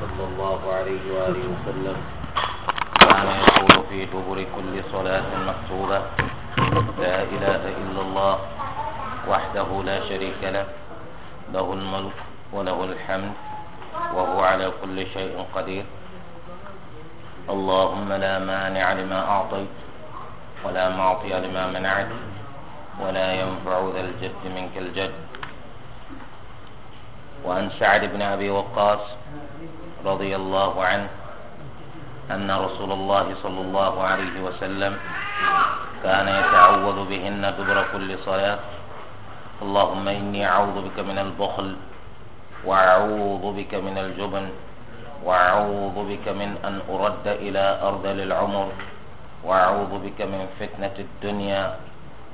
صلى الله عليه وآله وسلم كان يقول في دبر كل صلاة مكتوبة لا إله إلا الله وحده لا شريك له له الملك وله الحمد وهو على كل شيء قدير اللهم لا مانع لما أعطيت ولا معطي لما منعت ولا ينفع ذا الجد منك الجد وعن سعد بن أبي وقاص رضي الله عنه أن رسول الله صلى الله عليه وسلم كان يتعوذ بهن دبر كل صلاة اللهم إني أعوذ بك من البخل وأعوذ بك من الجبن وأعوذ بك من أن أرد إلى أرض العمر وأعوذ بك من فتنة الدنيا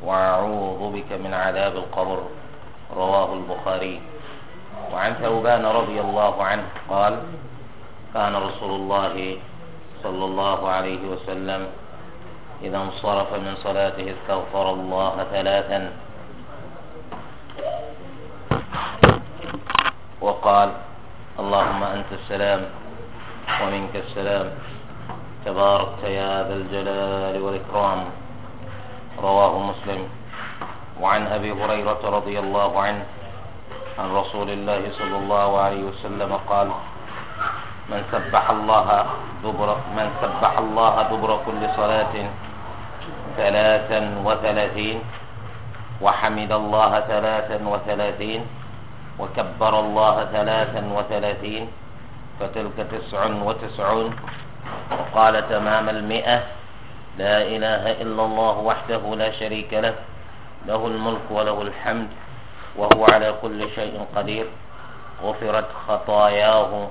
وأعوذ بك من عذاب القبر رواه البخاري وعن ثوبان رضي الله عنه قال كان رسول الله صلى الله عليه وسلم إذا انصرف من صلاته استغفر الله ثلاثا وقال اللهم أنت السلام ومنك السلام تباركت يا ذا الجلال والإكرام رواه مسلم وعن أبي هريرة رضي الله عنه عن رسول الله صلى الله عليه وسلم قال من سبح الله دبر من سبح الله دبر كل صلاة ثلاثا وثلاثين وحمد الله ثلاثا وثلاثين وكبر الله ثلاثا وثلاثين فتلك تسع وتسعون وقال تمام المئة لا إله إلا الله وحده لا شريك له له الملك وله الحمد وهو على كل شيء قدير غفرت خطاياه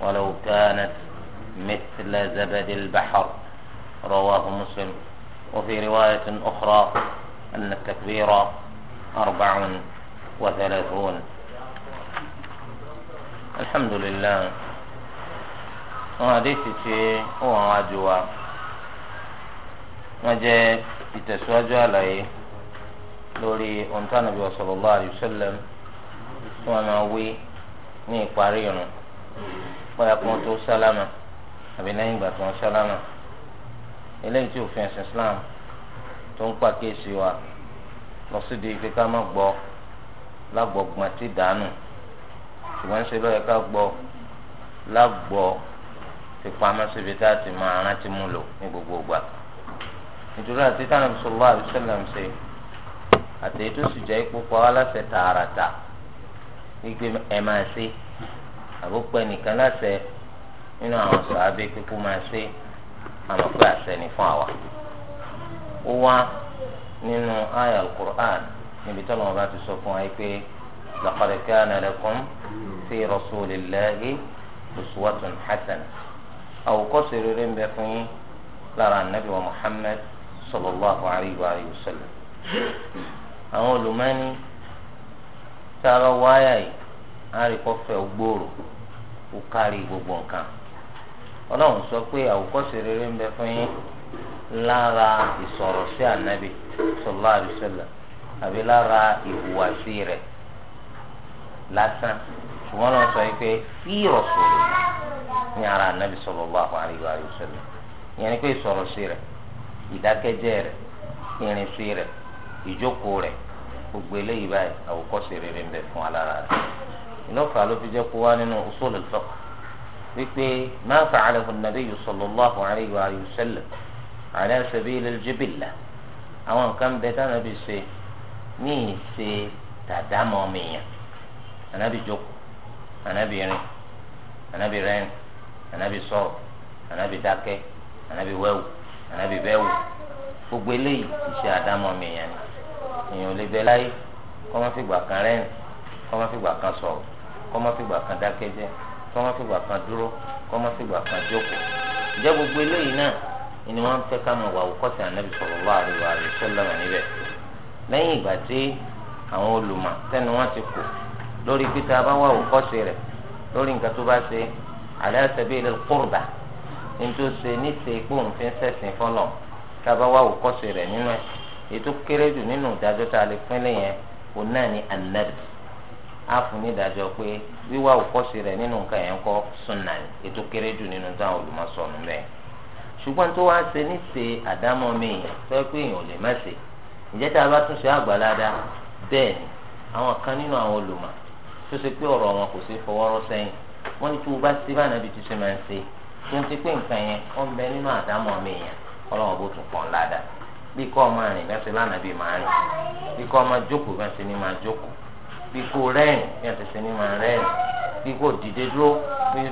ولو كانت مثل زبد البحر رواه مسلم وفي رواية أخرى أن التكبير أربع وثلاثون الحمد لله وهذه شيء هو عجوة وجاء ìtẹ̀síwájú عليه lórí أنت tí صلى الله عليه وسلم tí وي máa wí ní ìparí bóyá kí wọ́n tó sálámà àbí lẹ́yìn ìgbà tí wọ́n sálámà eléyìí tí òfin ẹ̀sìn Islam tó ń pàkíyèsí wa lọ sí di ife ká má gbọ́ lágbọ̀gbọ̀n tí dànù ṣùgbọ́n ṣe lọ́yẹ ká gbọ́ lágbọ̀ fipamọ́ síbi tá a ti máa rántí mú lò ní gbogbo ìgbà nítorí àti tánà sallallahu alaihi wasallam ṣe àtẹ̀yẹ tó sì jẹ́ ipò pa wá láṣẹ tààràtà wípé ẹ máa ṣe àbúkpẹ́ nìkan láṣẹ nínú àwọn sàábẹ́ kíkú máa ṣe àmọ́ pé àṣẹ ni fún àwa. ó wá nínú àyà alukur'an níbi tí ọlọ́mọba ti sọ fún wa yìí pé laqad kana lakum fi rasulillahi uswatun hasana àwòkọ́ṣe rere ń bẹ fún yín lára anabi wa muhammad sallallahu alayhi wa sallam. àwọn olùmọ́ni sábà wáyà yìí. àríkọ́fẹ́ ògbòòrò ó kárí gbogbo nǹkan ọlọ́run sọ pé àwòkọ́ṣe rere ń bẹ fún yín lára ìsọ̀rọ̀ sí ànábì sallallahu alaihi àbí lára ìhùwàsí rẹ̀ lásán ṣùgbọ́n sọ pé fí rọ̀sọ̀rọ̀ ní ara ìyẹn ni pé sí ìdákẹ́jẹ́ ìjókòó gbogbo eléyìí báyìí rere ń fún alára ìlọ́fà ló fi jẹ́ kó wá nínú usul al-fiqh wípé ma fa'alahu an-nabiyyu sallallahu alayhi wa sallam ala sabil al-jibilla àwọn nǹkan bẹ táwọn ẹbí ṣe ní ìṣe tàdámọ́ mìíràn ànábì jókòó ànábì rìn ànábì rẹ́rìn ànábì sọ̀rọ̀ ànábì dákẹ́ ànábì wẹ́wù ànábì bẹ́wù gbogbo eléyìí ìṣe àdámọ́ mìíràn ni èèyàn ò lè bẹ láyé kọ́ máa fi gbà kan rẹ́rìn kọ́ máa fi gbà kan sọ̀rọ̀ kọ́mọ́fìgbà kan dákẹ́jẹ́ kọ́mọ́fìgbà kan dúró kọ́mọ́fìgbà kan jókòó ìjẹ́ gbogbo eléyìí náà ni wọ́n fẹ́ ká mọ̀ wà wòkọ́sí ànábì sallallahu alaihi wa sallam níbẹ̀ lẹ́yìn ìgbà tí àwọn olùmọ̀ tẹ́nu wọn ti kù lórí pété a bá wà wòkọ́sí rẹ̀ lórí nǹkan tó bá ṣe ala sabilil qurba nítorí ṣe níṣe ipò òǹfin sẹ̀sìn fọlọ̀ tá a bá wà wòkọ́sí rẹ̀ nínú ẹ̀ ètò kéré jù nínú ìdájọ́ tá a lè pín lẹ́yìn ẹ̀ òun náà ni ànábì á fún ní ìdájọ́ pé wíwá òkọ́sí rẹ̀ nínú nǹkan yẹn kọ́ sunna ètò kéré jù nínú táwọn olùmọ̀sọ̀nù mẹ́ẹ̀. ṣùgbọ́n tó wá ṣe níṣe àdámọ́ mi fẹ́ pé èèyàn ò lè má ṣe tá a bá ni àwọn kan nínú àwọn olùmọ̀ tó ṣe pé ọ̀rọ̀ wọn kò ṣe fọwọ́rọ́ sẹ́yìn wọ́n ní tí wọ́n bá ṣe bá nàbí ti ṣe máa ń ṣe tó ń ti pé nǹkan yẹn ó ń bẹ nínú àdámọ́ mi yẹn bó tún pọ̀ bí kọ́ ọmọ rìn bẹ́ẹ̀ bí kò rẹ́ẹ̀n bí àtẹ̀sẹ̀ ni màá rẹ́ẹ̀n bí kò dìde dúró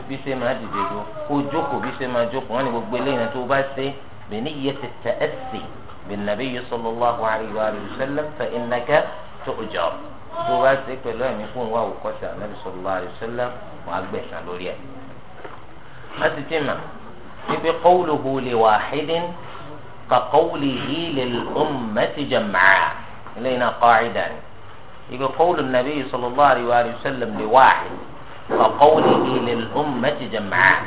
bí ṣe máa dìde dúró kò jókòó bí ṣe máa jókòó wọn ni gbogbo eléyìí náà tó bá ṣe bẹ̀ni iye ti tẹ̀ ẹ́ sì bẹ̀nàbí sallallahu sọlọ wa wà sallam fa innaka tu'jar tó bá ṣe pẹ̀lú ẹ̀mí fún wa òkọ́sí ànábì sallallahu alayhi wa sẹlẹ̀ wọn á gbẹ̀sán lórí ẹ̀. a ti ti mà níbi qawluhu li wahidin ka qawlihi lil ummati jam'a eléyìí náà qa'ida ni. يبقى قول النبي صلى الله عليه وآله وسلم لواحد فقوله للأمة جمعاء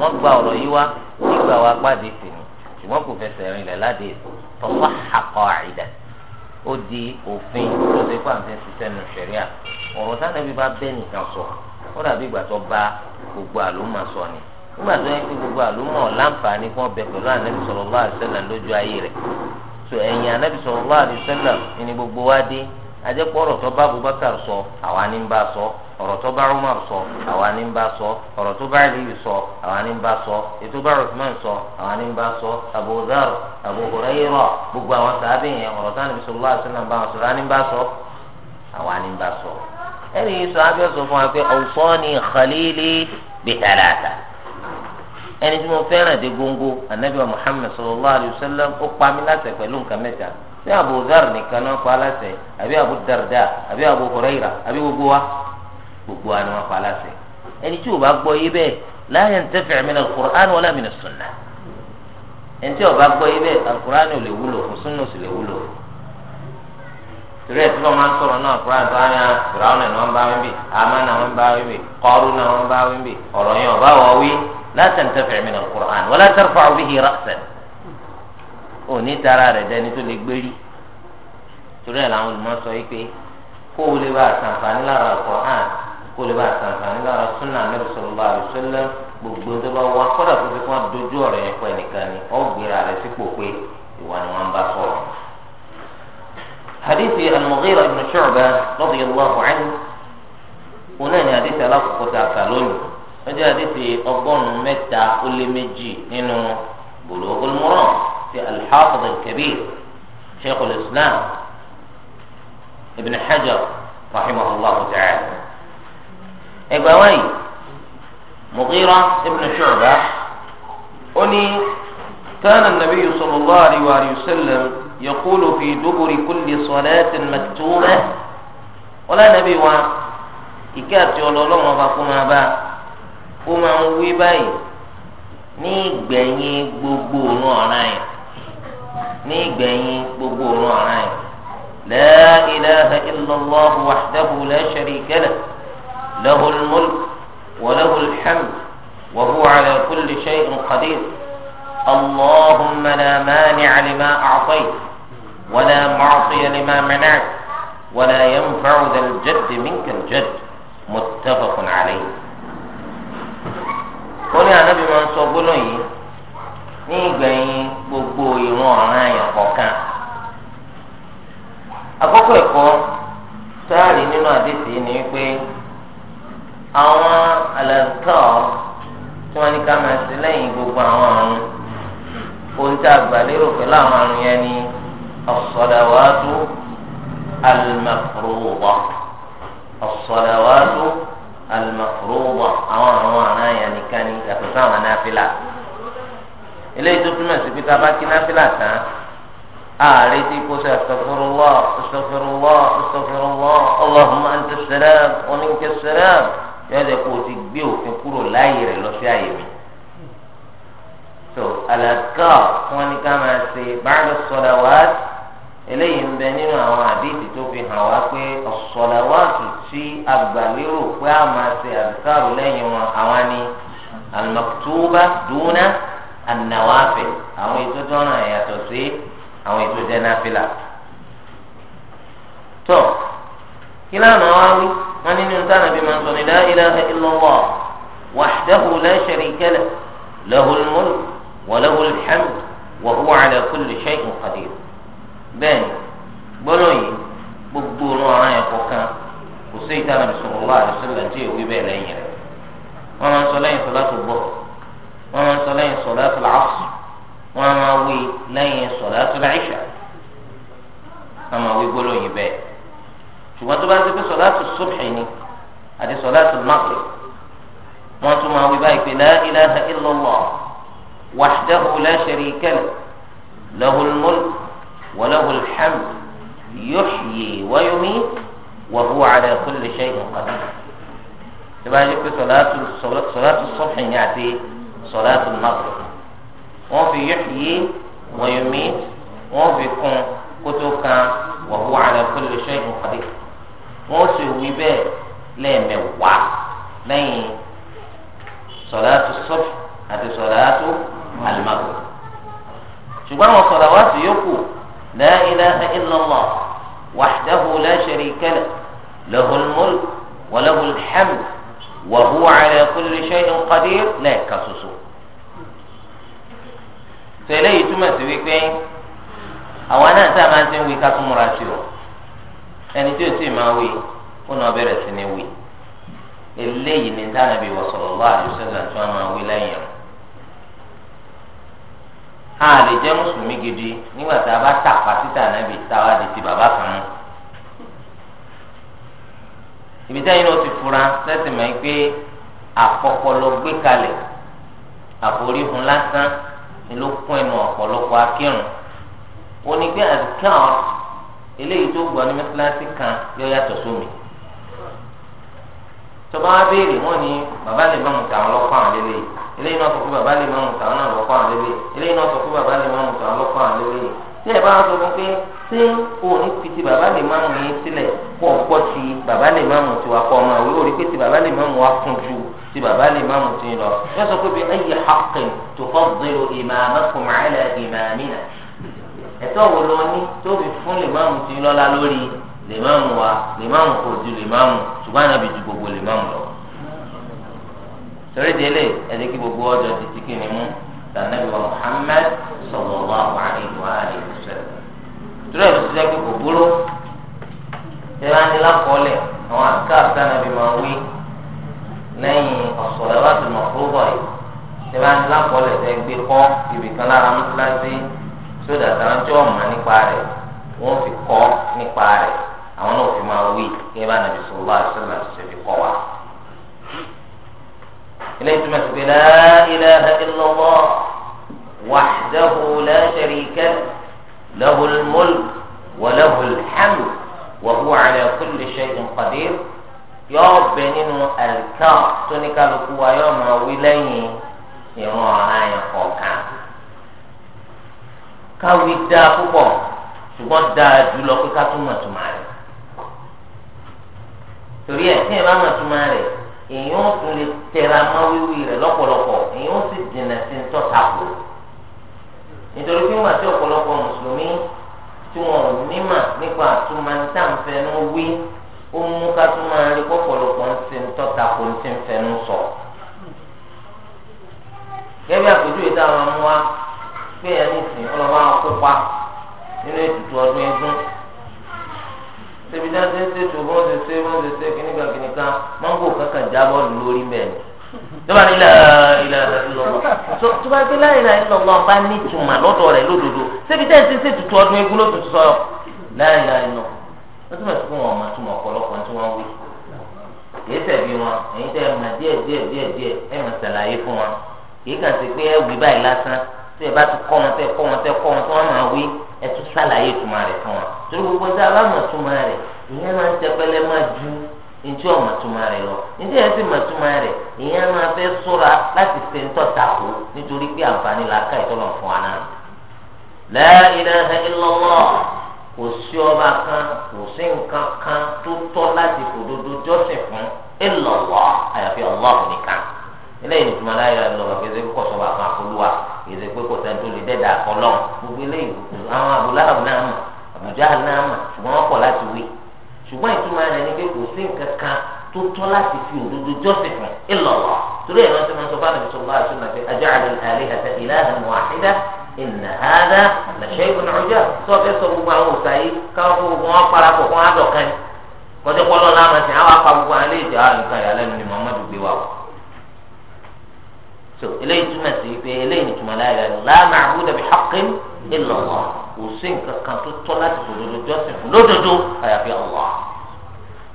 wọ́n gba ọ̀rọ̀ yìí wá nígbà wa gbàdé tèmi ṣùgbọ́n kò fẹsẹ̀ rìn lẹ̀ láde tọ́sọ́ àkọ́ àìdá ó di òfin tó ṣe fún àǹfẹ́ ṣiṣẹ́ nù ṣẹ̀ríà ọ̀rọ̀ sánẹ́bí bá bẹ́ẹ̀ nìkan sọ ó dàbí ìgbà tó bá gbogbo àlùmọ̀ sọ ni nígbà tó yẹ kí gbogbo àlùmọ̀ láǹfààní fún ọbẹ̀ pẹ̀lú ànábì sallallahu alaihi wasallam lójú ayé rẹ̀ tó ẹ̀yìn ànábì sallallahu alaihi wasallam ni gbogbo wa dé ajẹ́pọ̀ ọ̀rọ̀ tó bá Abubakar sọ àwa ní bá sọ ọ̀rọ̀ tó bá Umar sọ àwa ní bá sọ ọ̀rọ̀ tó bá Aliyu sọ àwa ní bá sọ ètò bá Uthman sọ àwa ní bá sọ Abu Dhar Abu Hurayra gbogbo àwọn sàábì yẹn ọ̀rọ̀ tó Ànábì sallallahu alaihi wasallam bá wọn sọ̀rọ̀ àwa ní bá sọ àwa ní bá sọ. ẹnì yìí sọ abẹ́ sọ fún wa pé awsani khalili bi ẹni tí mo fẹ́ràn dé góńgó Ànábì Muhammad sallallahu alaihi wasallam sí Abu Dhar nìkan náà pa aláṣẹ àbí Abu Darda àbí Abu Huraira àbí gbogbo wa gbogbo wa ni wọn pa aláṣẹ ẹni tí o bá gbọ́ yé bẹ́ẹ̀ la yantafi' min al-Qur'an wala min as-sunnah ẹni tí o bá gbọ́ yé bẹ́ẹ̀ al-Qur'an ò lè wúlò fún sunna ò sì lè wúlò torí ẹ tí wọn máa ń sọ̀rọ̀ náà al tó wáyà fìràwọn náà wọn bá wí bì àmà náà wọn bá wí bì Qarun náà wọn bá wí bì ọ̀rọ̀ yẹn ọba wọ wí la yantafi' min al-Qur'an wala tarfa'u bihi ra'san òní tara rẹ̀ dẹni tó lè gbé rí torí ẹ̀ làwọn olùmọ̀ sọ yìí pé kó o lè bá àtàǹfààní lára Al-Qur'an kó o lè bá àtàǹfààní lára Sunnah Nabi gbogbo tó bá wá kọ́dà kó fi kó wọn dojú yẹn pọ̀ ẹnìkan ni ọ̀ gbéra rẹ̀ sípò pé ìwà ni bá في الحافظ الكبير شيخ الإسلام ابن حجر رحمه الله تعالى إبوي مغيرة ابن شعبة أني كان النبي صلى الله عليه وسلم يقول في دبر كل صلاة مكتوبة ولا نبي wa ìkẹ́ àti ọlọ́lọ́wọ́n bá kó máa bá kó máa ń wí báyìí ní ìgbẹ̀yìn gbogbo ní gbẹ̀yìn gbogbo ọ̀rọ̀ ara yẹn lẹ́yìn ilaha illallah wahdahu la sharika lah lahul mulk wa lahul hamd wa huwa ala kulli shay'in qadir اللهم لا مانع لما أعطيت ولا معطي لما منعت ولا ينفع ذا الجد منك الجد متفق عليه. قل يا نبي من صبولين ní ìgbẹ̀yìn gbogbo ìrun ọ̀ràn àyàn kọ̀ọ̀kan. àkọ́kọ́ ẹ̀kọ́ sáàrì nínú àdéhìí ni pé àwọn àlàkọ́ tí wọ́n ní ká máa ṣe lẹ́yìn gbogbo àwọn àrùn ohun tí a gbà lérò pẹ̀lú àwọn àrùn yẹn ni as-salawatu al-mafruḍa àwọn àrùn àrùn àyàn nìkan ni yàtọ̀ sáwọn náà eléyìí tó túmọ̀ sí pé tá a bá kí náfìlà tán ààrẹ tí kò sọ astaghfirullah astaghfirullah astaghfirullah allahumma anta salam wa minka salam yóò jẹ kó o ti gbé òfin kúrò láàyè rẹ lọ sí àyè mi. so alaka wọn ni ká máa ṣe báàgì sọlawat eléyìí ń bẹ nínú àwọn àdéhìí tó fi hàn wá pé sọlawat tí agbàlérò pé a máa ṣe àdìkárò lẹ́yìn wọn àwọn ni al-maktuba duna anáwáfẹ àwọn ètò tó ràn yàtọ̀ sí àwọn ètò jẹ náfìlà tó kí lánà wá wí wọn nínú nǹkan àbí máa ń sọ ní la ilaha illallah wahdahu la sharika lah lahul mulk wa lahul hamd wa huwa ala kulli shay'in qadir bẹ́ẹ̀ni gbọ́dọ̀ yìí gbogbo ọ̀rọ̀ ara yẹn kọ̀ọ̀kan kò sí ìtàn àbí sallallahu alaihi wasallam èwe bẹ́ẹ̀ lẹ́yìn rẹ̀ wọ́n máa ń sọ lẹ́yìn sọlá tó gbọ́ wọ́n máa ń sọ lẹ́yìn sọ̀látul asr wọ́n á máa wí lẹ́yìn sọ̀látul ìṣà wọ́n máa wí gbólóyìn bẹ́ẹ̀ ṣùgbọ́n tó bá ti pé sọ̀látul subhi ni àti sọ̀látul maghrib wọ́n tún máa wí báyìí pé la ilaha illallah wahdahu la sharika lahu lahul mulk wa lahul hamd yuhyi wa yumiit wa tó bá ti pé sọ̀látul subhi ni àti sọláàtù maghrib wọn fi yuhyi wa yumit wọn fi kún kótó kan wa huwa ala kulli shay'in qadir wọn sì wí bẹ́ẹ̀ lẹ́ẹ̀mẹwàá lẹ́yìn sọláàtù subh àti sọláàtù al-maghrib ṣùgbọ́n àwọn sọláwàtì yòókù la ilaha illallah wahdahu la sharika lahu lahul mulk wa lahul hamd wa huwa ala kulli shay'in qadir lẹ́ẹ̀ka ṣoṣo. tẹ̀lé yìí túmọ̀ sí wípé àwọn náà tá a máa ti ń wí ká tún múra sí o ẹni tí o sì máa wí ó náà bẹ̀rẹ̀ sí ni wí eléyìí ni dáná bíi sallallahu alaihi wasallam tí wọ́n máa wí lẹ́yìn rẹ̀ a lè jẹ́ mùsùlùmí gidi nígbà tá a bá tàpá títà náà bíi táwa di ti bàbá kan mú ibi táyìn náà ti fura sẹ́sìn máa ń pé àpọ̀pọ̀lọ gbé kalẹ̀ àforíhun lásán ni ló kún ẹnu ọ̀pọ̀lọpọ̀ akírun onígbé àdìkàn eléyìí tó gbọ́ ní mẹ́tíláṣí kan yọ yàtọ̀ sómi tọba wa béèrè wọn ni bàbá lè má mùtà àwọn lọ́kọ́ àwọn lélẹ̀ eléyìí náà sọ pé bàbá lè má mùtà àwọn náà lọ́kọ́ àwọn lélẹ̀ eléyìí náà sọ pé bàbá lè má mùtà àwọn lọ́kọ́ àwọn lélẹ̀ tí ẹ bá wọn sọ fún pé ṣé òun fi ti bàbá lè má mú yín sílẹ̀ kó o gbọ́ ti bàbá lè má mú tiwa kọ́ ọmọ àwọn olórí pé ti bàbá lè má mú wa kún ju ti bàbá lè má mú tiyín lọ. yóò sọ pé bí ayé haqqin tufaddilu imamakum ala imamina. ẹ̀tọ́ wo lọ ní tó fún lè má mú tiyín lọ́la lórí lè má mú wa lè má mú kò ju lè má mú ṣùgbọ́n àná bí ju gbogbo lè má mú lọ. torí délé ẹ̀ sànẹ́bí wa Muhammad sallallahu alaihi wa alihi wasallam. ìtura ìṣiṣẹ́ pé kò búrú ìlànà ìlàkọọ́lẹ̀ àwọn àká sànẹ́bí máa wí lẹ́yìn as-salawat al-mafruḍa yìí ìlànà ìlàkọọ́lẹ̀ tẹ́ gbé kọ́ ibìkan lára mọ́tíláṣí sódà sàrántí ọ̀mà nípa rẹ̀ wọ́n fi kọ́ nípa rẹ̀ àwọn náà fi máa wí kí ẹ bá nàbì sallallahu alaihi wasallam ṣe fi kọ́ wa ilé ìtumọ̀ sí pé la ilaha illallah wahdahu la sharika lahul mulk wa lahul hamd wa huwa ala kulli shay'in qadir yóò bẹ nínú àlùkà tó ní kálukú wa yóò máa wí lẹ́yìn ìrún ọ̀ràn yẹn kọ̀ọ̀kan káwí dáa púpọ̀ ṣùgbọ́n dáa jùlọ pé ká túmọ̀ túmọ̀ rẹ̀ torí ẹ̀ tí ẹ bá mọ̀ túmọ̀ rẹ̀ èèyàn ó tún lè tẹra mọ́ wíwí rẹ̀ lọ́pọ̀lọpọ̀ èèyàn ó sì dènà sí ń tọ́ta kù nítorí pé wọ́n àti ọ̀pọ̀lọpọ̀ mùsùlùmí tí wọn ò ní mà nípa àtúmọ̀ níta ń fẹnu wí ó mú ká tún máa rí pọ̀pọ̀lọpọ̀ ń ti ń tọ́ta kù ń ti ń fẹnu sọ. gẹ́gẹ́ bí àpèjúwe táwọn mú wa pé ẹni sìn ọlọ́wọ́ àwọn kópa nínú ètùtù ọdún ẹgbẹ́ ṣèbí dá ṣe ń ṣe tó bó ṣe ṣe bó ṣe ṣe kìnnìkan kìnnìkan mángò kankan já bọ́ọ̀lù lórí mẹ́rin tọ́ba ní ilẹ̀ ìlọ́wọ́ tó bá gbé láyé ilẹ̀ ìlọ́wọ́ bá ní ìtumọ̀ lọ́dọ̀ rẹ̀ lódodo ṣébi tẹ́ ẹ ti ṣe ọdún egún ló tutù láyé ilẹ̀ ìlọ́ wọ́n ti bẹ̀ fún wọn ọmọ àtúmọ̀ ọ̀pọ̀lọpọ̀ tí wọ́n wí. kìí tẹ̀bi wọn ẹ̀yin tẹ́ ẹ mọ̀ díẹ̀ díẹ̀ díẹ̀ díẹ̀ ẹ mọ̀ ṣàlàyé fún wọn kìí kàn sí pé ẹ wí báyìí lásán tí ẹ bá ti kọ́ wọn tẹ́ kọ́ wọn tẹ́ kọ́ wọn tí wọ́n máa wí ẹ tún ṣàlàyé ìtumọ̀ rẹ̀ fún wa torí gbogbo ẹ̀dá alámọ̀túmọ̀ rẹ̀ ìyẹn máa ń tẹpẹlẹ máa ju ntí ọ̀mọ̀túmọ̀ rẹ̀ lọ ntí ẹ̀ sì mọ̀túmọ̀ rẹ̀ ìyẹn máa fẹ́ ṣọ́ra láti ṣe ńtọ́tàkù nítorí pé àǹfààní làákà ìtọ́lọ̀ fún wa náà. kò sí ọba kan kò sí nǹkan kan tó tọ́ láti fòdodo jọ́sìn fún àyàfi eléyìí ní tuma láyé lọ lọ kéde kó sọ wàá kan olúwa kéde pé kò sẹ́ni tó lè dẹ́dà kọlọ́n gbogbo eléyìí àwọn abúláhà náà mọ̀ àbújá náà mọ̀ ṣùgbọ́n wọ́n pọ̀ láti wí ṣùgbọ́n ìtumọ̀ rẹ̀ ni pé kò sí nǹkan kan tó tọ́ láti fi òdodo jọ́sìn fún ìlọ̀lọ̀ torí ẹ̀rọ tí wọ́n sọ fáwọn ìṣòro bá aṣọ náà pé ajá àdé àlẹ́ àti ìlànà wàhídà ìnà àdá àṣẹ ìgbọ̀nà ọjà tó fẹ́ sọ gbogbo àwọn so eléyìí túmọ̀ sí pé eléyìí ni túmọ̀ láyé rẹ̀ la ma'buda bi haqqin illa Allah kò sí nǹkan kan tó tọ́ láti fòdodo jọ́sìn fún lódodo àyàfi Allah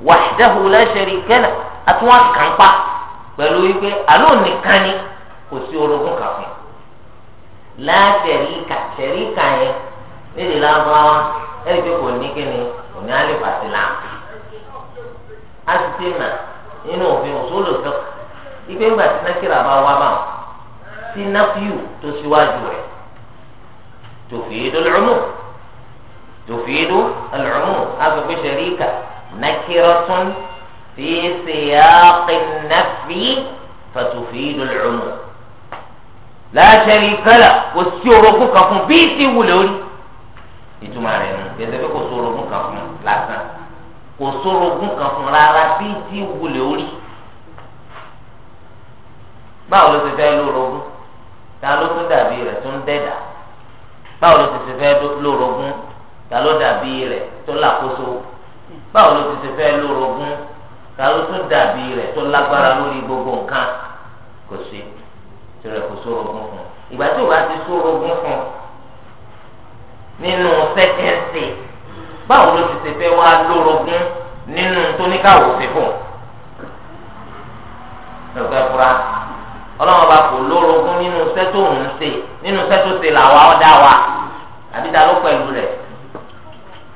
wahdahu la sharika lahu àtúwọ̀n kàńpá pẹ̀lú wípé àló nìkan ni kò sí orogún kàfin la sharika sharika yẹn nídìí lábáwá ẹ̀rí pé kò ní kíni kò ní alẹ́ fàtí làm á ti tẹ̀ mà nínú òfin òṣòlò kan ìgbéǹgbà tí nàkìrà bá wá báwọn sí náfíù tó síwájú rẹ̀ tòfìdó lọ́mù tòfìdó lọ́mù azọ̀gbé sẹ̀ríkà nàkírọ́tún fi sèyáàkì náfí fàtòfìdó lọ́mù. láṣẹ̀rí kálá kò sí orogún kan fún bí ti wù lórí ìtumọ̀ rẹ̀ nù gbèsè pé kò sí orogún kan fún lásán kò sí orogún kan fún rárá bí ti wù lórí báwo ló ti fẹ́ lórogún ta ló tún dàbí rẹ̀ tó ń dẹ́dà báwo ló ti ṣe fẹ́ lórogún ta ló dàbí rẹ̀ tó làkóso báwo ló ti ṣe fẹ́ lórogún ta ló tún dàbí rẹ̀ tó lágbára lórí gbogbo nǹkan kò sí tirẹ̀ kò sórogún fún un ìgbà tí o bá ti sórogún fún un nínú sẹ́kẹ̀ǹsì báwo ló ti ṣe fẹ́ wá lórogún nínú tóníkàwọ́ sí ọlọ́wọ́n bá kò lórogún nínú sẹ́tò òun ṣe nínú sẹ́tò ṣe làwa ọ̀dà wa àbí ta ló pẹ̀lú rẹ̀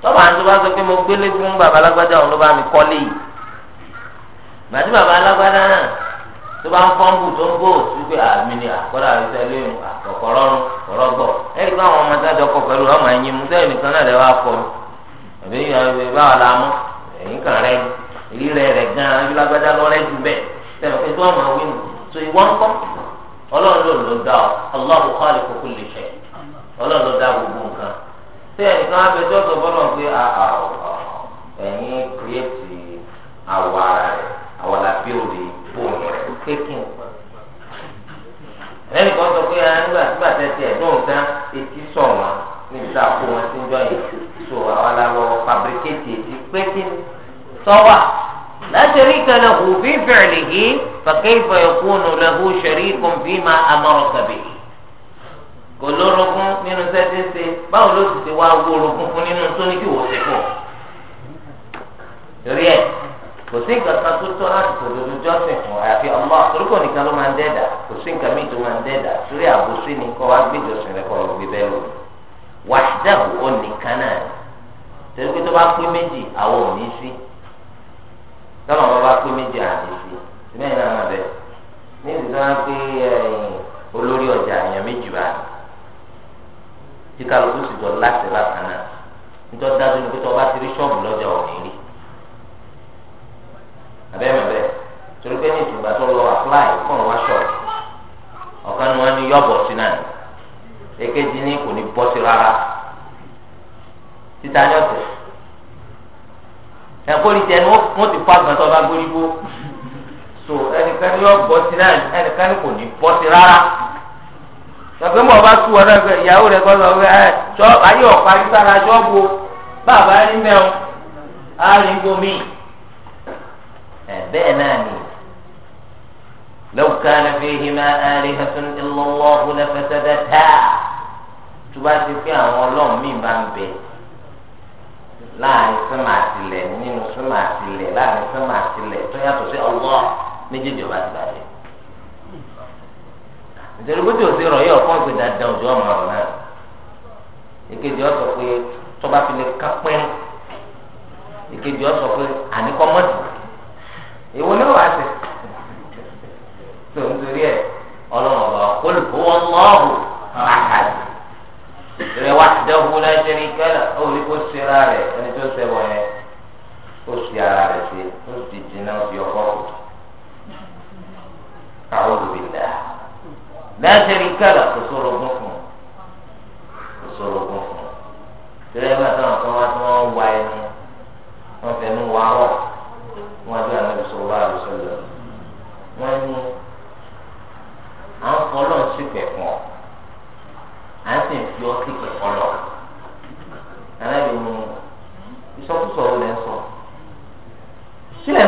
tọ́ba àti bá sọ pé mo gbélé fún bàbá alágbádá òun ló bá mi kọ́lé yìí gbàtí bàbá alágbádá náà tó bá ń fọ́nbù tó ń gbó wípé àmì ni àkọ́dà àríṣẹ́ lóyún àkọ́kọ́rọ́rùn ọ̀rọ̀gbọ̀ ẹ̀rí pé àwọn ọmọ tájọ kọ pẹ̀lú ọmọ ẹ̀yìn mú sẹ́yìn nìkan náà lẹ́wọ́ so ìwọ ń kọ́ ọlọ́run ló ló dá ọ Allahu khaliqu kulli shay ọlọ́run ló dá gbogbo nǹkan ṣé ẹnìkan abẹjọ́ sọ fọlọ́ pé ẹ̀yin kírẹ́tì àwọ̀ ara rẹ̀ àwọ̀ làbí òde rẹ̀ kékin kan sọ pé nígbà tí bàtẹ́ tiẹ̀ dùn tán etí sọ̀ wọn níbi tá a kó wọn sí ń jọ yìí so àwa la lọ fabricate etí sọ́wà. لا شريك له في فعله فكيف يكون له شريك فيما أمرك به kò lórogún nínú sẹ́tí ṣe báwo ló ti ṣe wá owó orogún fún nínú tó ní kí wò ṣe pọ̀ torí ẹ̀ kò sí nǹkan kan tó tọ́ láti kò lójú jọ́sìn fún àyàfi ọmọ àtòrúkọ nìkan ló máa ń dẹ́dà kò sí nǹkan míì tó máa ń dẹ́dà torí àbòsí ni kọ́ wá gbé ìjọsìn rẹ̀ kọ́ lọ gbé bẹ́ẹ̀ lọ wàṣídàbò ó nìkan náà torí pé tó bá pé méjì àwọn ò ní sí. tọ́nà wọn bá pé méjì àdìsí na náà má bẹ́ẹ̀ ní ìdílé wọn pé olórí ọjà èèyàn méjì bá tí kálukú sì jọ láti bákan náà dájú ni pé bá ti rí ṣọ́ọ̀bù lọ́jà òní rí abẹ́rẹ́ bẹ́ẹ̀ torí pé ní ìtùgbà tó lọ apply fún wa ṣọ́ọ̀bù ọ̀kan ni wọ́n ní yọ̀bọ̀ sí náà èkejì ní kò ní rárá títa ẹ̀kọ́rí tẹ ni wọ́n ti fa gbàtọ́ bá gbórí gbó so ẹnìkan ni yọ bọ́ sí náà ẹnìkan ni kò ní bọ́ sí rárá tọ́pẹ́ mọ̀ bá tú ọ̀dọ́ ẹgbẹ́ ìyàwó rẹ̀ kọ́ sọ pé ẹ tọ́ ayé ọ̀pá yìí sára ṣọ́ọ̀bù bàbá rí mẹ́wọ̀n á rí gomi ẹ̀ bẹ́ẹ̀ náà ni lọ́wọ́ kan fi hima ẹ̀rí hẹ́sùn ìlọ́wọ́ ọ̀hún lẹ́fẹ̀sẹ̀ dẹ́ta tó bá ti fi àwọn ọlọ́run mí bá ń bẹ̀ẹ́ láàrin sánmà àtìlẹ̀ nínú sánmà àtìlẹ̀ láàrin sánmà àtìlẹ̀ tó yàtọ̀ sí ọlọ́ méjèèjì ọba ti bàjẹ́. nítorí bójú òsì rọ̀ yóò fọ́ ìgbé dandan òjò ọmọ rẹ̀ náà. èkejì ọ̀sọ̀ pé tọ́ba fi lè ká pẹ́ẹ́n. èkejì ọ̀sọ̀ pé àníkọ́ mọ́tì. èwo ni wàá ṣe? tó ń torí ẹ̀ ọlọ́run ọba kólùkó lọ́ọ̀hùn rẹ̀ wahdahu la sharika lahu ó rí kó sera rẹ̀ ẹni tó sẹ́ wọ̀ yẹn ó sì ara rẹ̀ ṣe ó sì jìnnà fi ọkọ̀ kù. a'udhu billah la sharika lahu kò sórogún fún kò sórogún fún.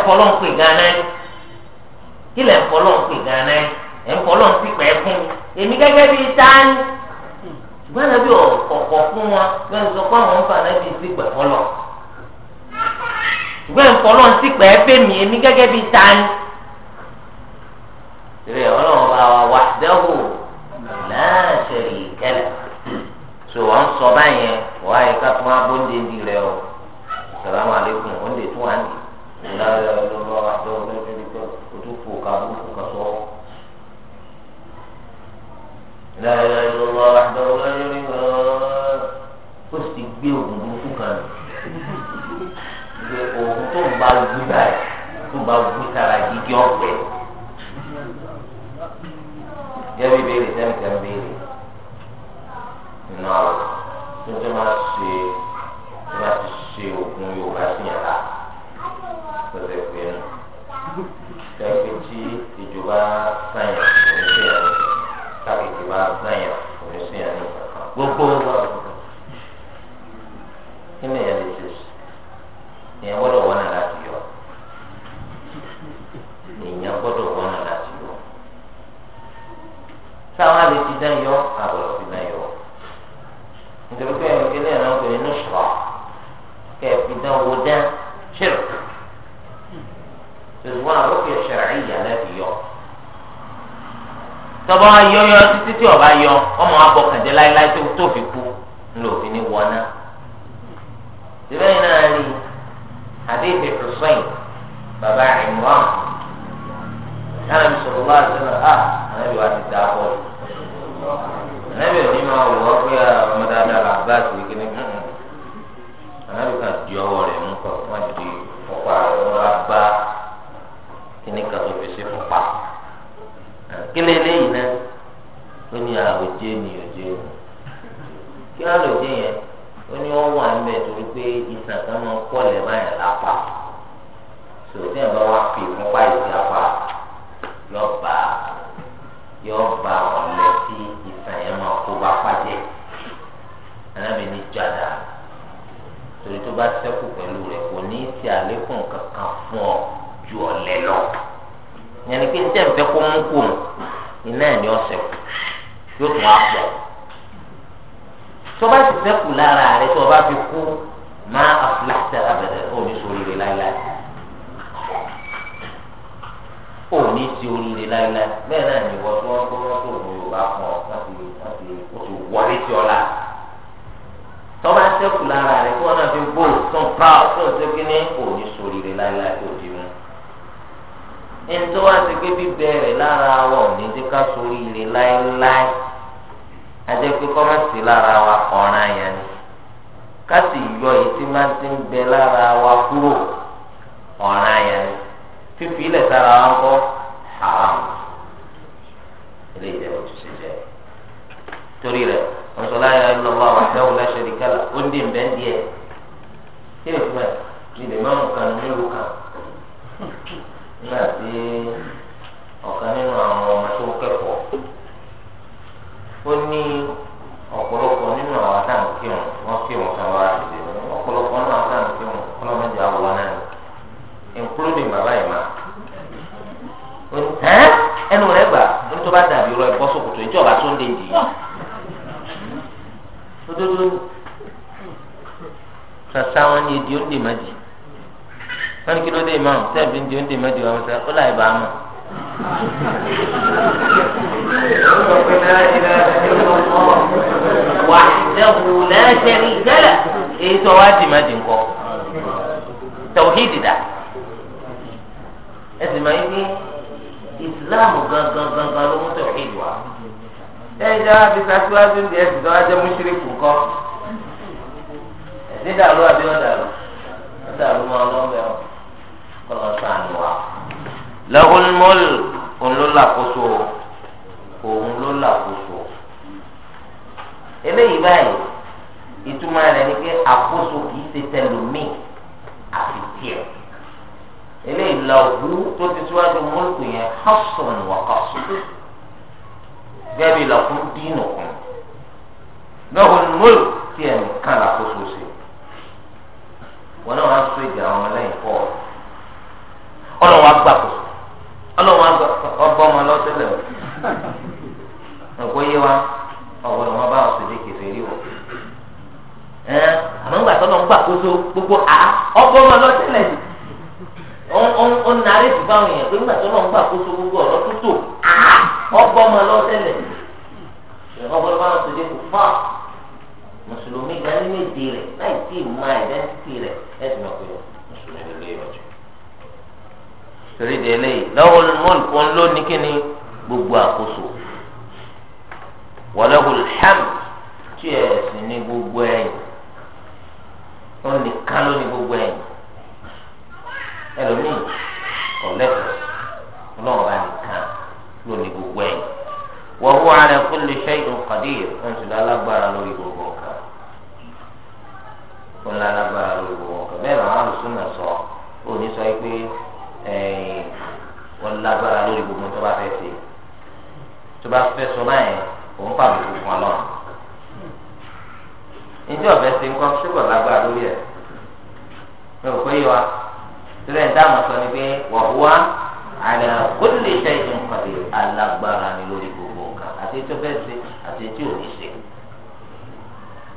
ń fọlọ́ ń pè gánà yín kí lẹ̀ ń fọlọ́ ń pè gánà yín ẹ̀ ń fọlọ́ ń pìpẹ́ fún mi èmi gẹ́gẹ́ bíi tání ṣùgbọ́n àná bí ọ̀kọ̀ fún wọn bẹ́ẹ̀ sọ pé àwọn ń fa àná bíi sígbà fọlọ́ ṣùgbọ́n ń fọlọ́ ń pìpẹ́ fẹ́ mi èmi gẹ́gẹ́ bíi tání. o ti wọlé tí ọ la tọ́ba sẹ́kù lára rẹ̀ kí wọ́n náà fi bó tún proud tó ṣe kí ní òní sòrìrì láéláé tó di wọn. ẹni tó wá ti gbé bíbẹ rẹ̀ lára wa òní ti ká sòrìrì láéláé ajẹ́ pé kọ́mọ̀sì lára wa ọ̀ràn yẹn ni ká sì yọ èyí tí máa ti ń bẹ lára wa kúrò ọ̀ràn yẹn ni fífi ilẹ̀ sára wa ń kọ́. la ilaha illallah wahdahu la sharika lah ó dé nbẹ́ díẹ̀ kí ni fún ẹ ìdè mọ́mù kan nílùú kan nígbà tí ọ̀kan nínú àwọn ọmọ tó kẹ́kọ̀ọ́ ó ní. tó lówó sàṣà wọn ni èdè òǹdè méjì wọn ní kí ló dé ìmọ̀ sẹ́ẹ̀bì ń di wọn sẹ́ ó láì bá a mọ̀. وحده لا شريك èyí tó wá dì má dì ńkọ tọ̀hídì dà ẹ sì máa ń ní ìsìláàmù gangan gangan ló mú tọ̀hídì wá. ẹ̀yin jẹ́ wá fi sasiwaju ní ẹ̀sìn tó wá jẹ́ mùsùlùmí kọ́ ẹ̀sìn dàrú àbí ọ̀dàrú ọ̀dàrú máa lọ́mọ ẹ̀ kọ́lọ́ sànù wa. lẹ́hùn mọ́lù òun ló làkóso òun ló làkóso eléyìí báyìí ìtumọ̀ rẹ̀ ni pé àkóso kìí ṣe tẹlómi àfi tiẹ̀ eléyìí lọ́hùn tó ti síwájú mọ́lù yẹn hásùn wà kásùn. gẹ́gẹ́ bí lọ́kùn dínú kùn lọ́kùn múlò tí ẹ̀ nìkan làkóso sí wọn náà wọn sọ èdè àwọn ọmọlẹ́yìn pọ̀ ọlọ́wọ́ agbàkóso ọlọ́wọ́ ọgbọ́n ọmọ lọ́sẹ̀lẹ̀ ọ̀pọ̀ yé wa ọ̀gbọ́n ọmọ bá wọn sọ èdè rí wọ̀ ẹ̀ àmọ́ ńgbà tó lọ ń gbàkóso gbogbo à ọgbọ́n ọmọ lọ́sẹ̀lẹ̀ ó ń narí ìdìbò àwọn èèyàn pé ńgbà tó lọ ń gbàkóso gbogbo ọ̀rọ̀ tó tò ọgbọ́n ma lọ sẹ́lẹ̀ ọgbọ́n ma lọ sọ́dẹ̀ kò fà mùsùlùmí gan ní méje rẹ̀ láì tí ì mọ àìdẹ́ntì rẹ̀ ẹ̀sìn ọ̀pẹ̀ mùsùlùmí lè yọjú. torí délé lọ́wọ́ mọ́ọ̀lù kan ló ní kíni gbogbo àkóso wọ́lọ́hùn hàmù tí ẹ̀sìn ní gbogbo ẹ̀yìn wọ́n nìkan ló ní gbogbo ẹ̀yìn ẹlòmíì ọ̀lẹ́kọ̀ọ́ ọlọ́run bá nìkan lónìí gbogbo ẹ̀ wa huwa ala kulli shay'in qadir oṣù alágbára lórí gbogbo ọ̀kan oṣù alágbára lórí gbogbo ọ̀kan bẹ́ẹ̀ náà wọ́n sún náà sọ òní sọ pé wọ́n lágbára lórí gbogbo tó bá fẹ́ ṣe tó bá fẹ́ sọ báyẹn òun pàbùkù fún ọlọ́run njẹ́ ọ̀fẹ́ ṣe ń kọ́ ṣúgbọ̀n lágbára lórí ẹ̀ mi ò pé yọ wa sílẹ̀ ń dáhùn sọ ni pé wọ̀húwá àlẹ́ kólé ṣe ìdúnkọ̀dé alágbára ni lórí gbogbo nǹkan àti tó fẹ́ ṣe àti tí ò ní ṣe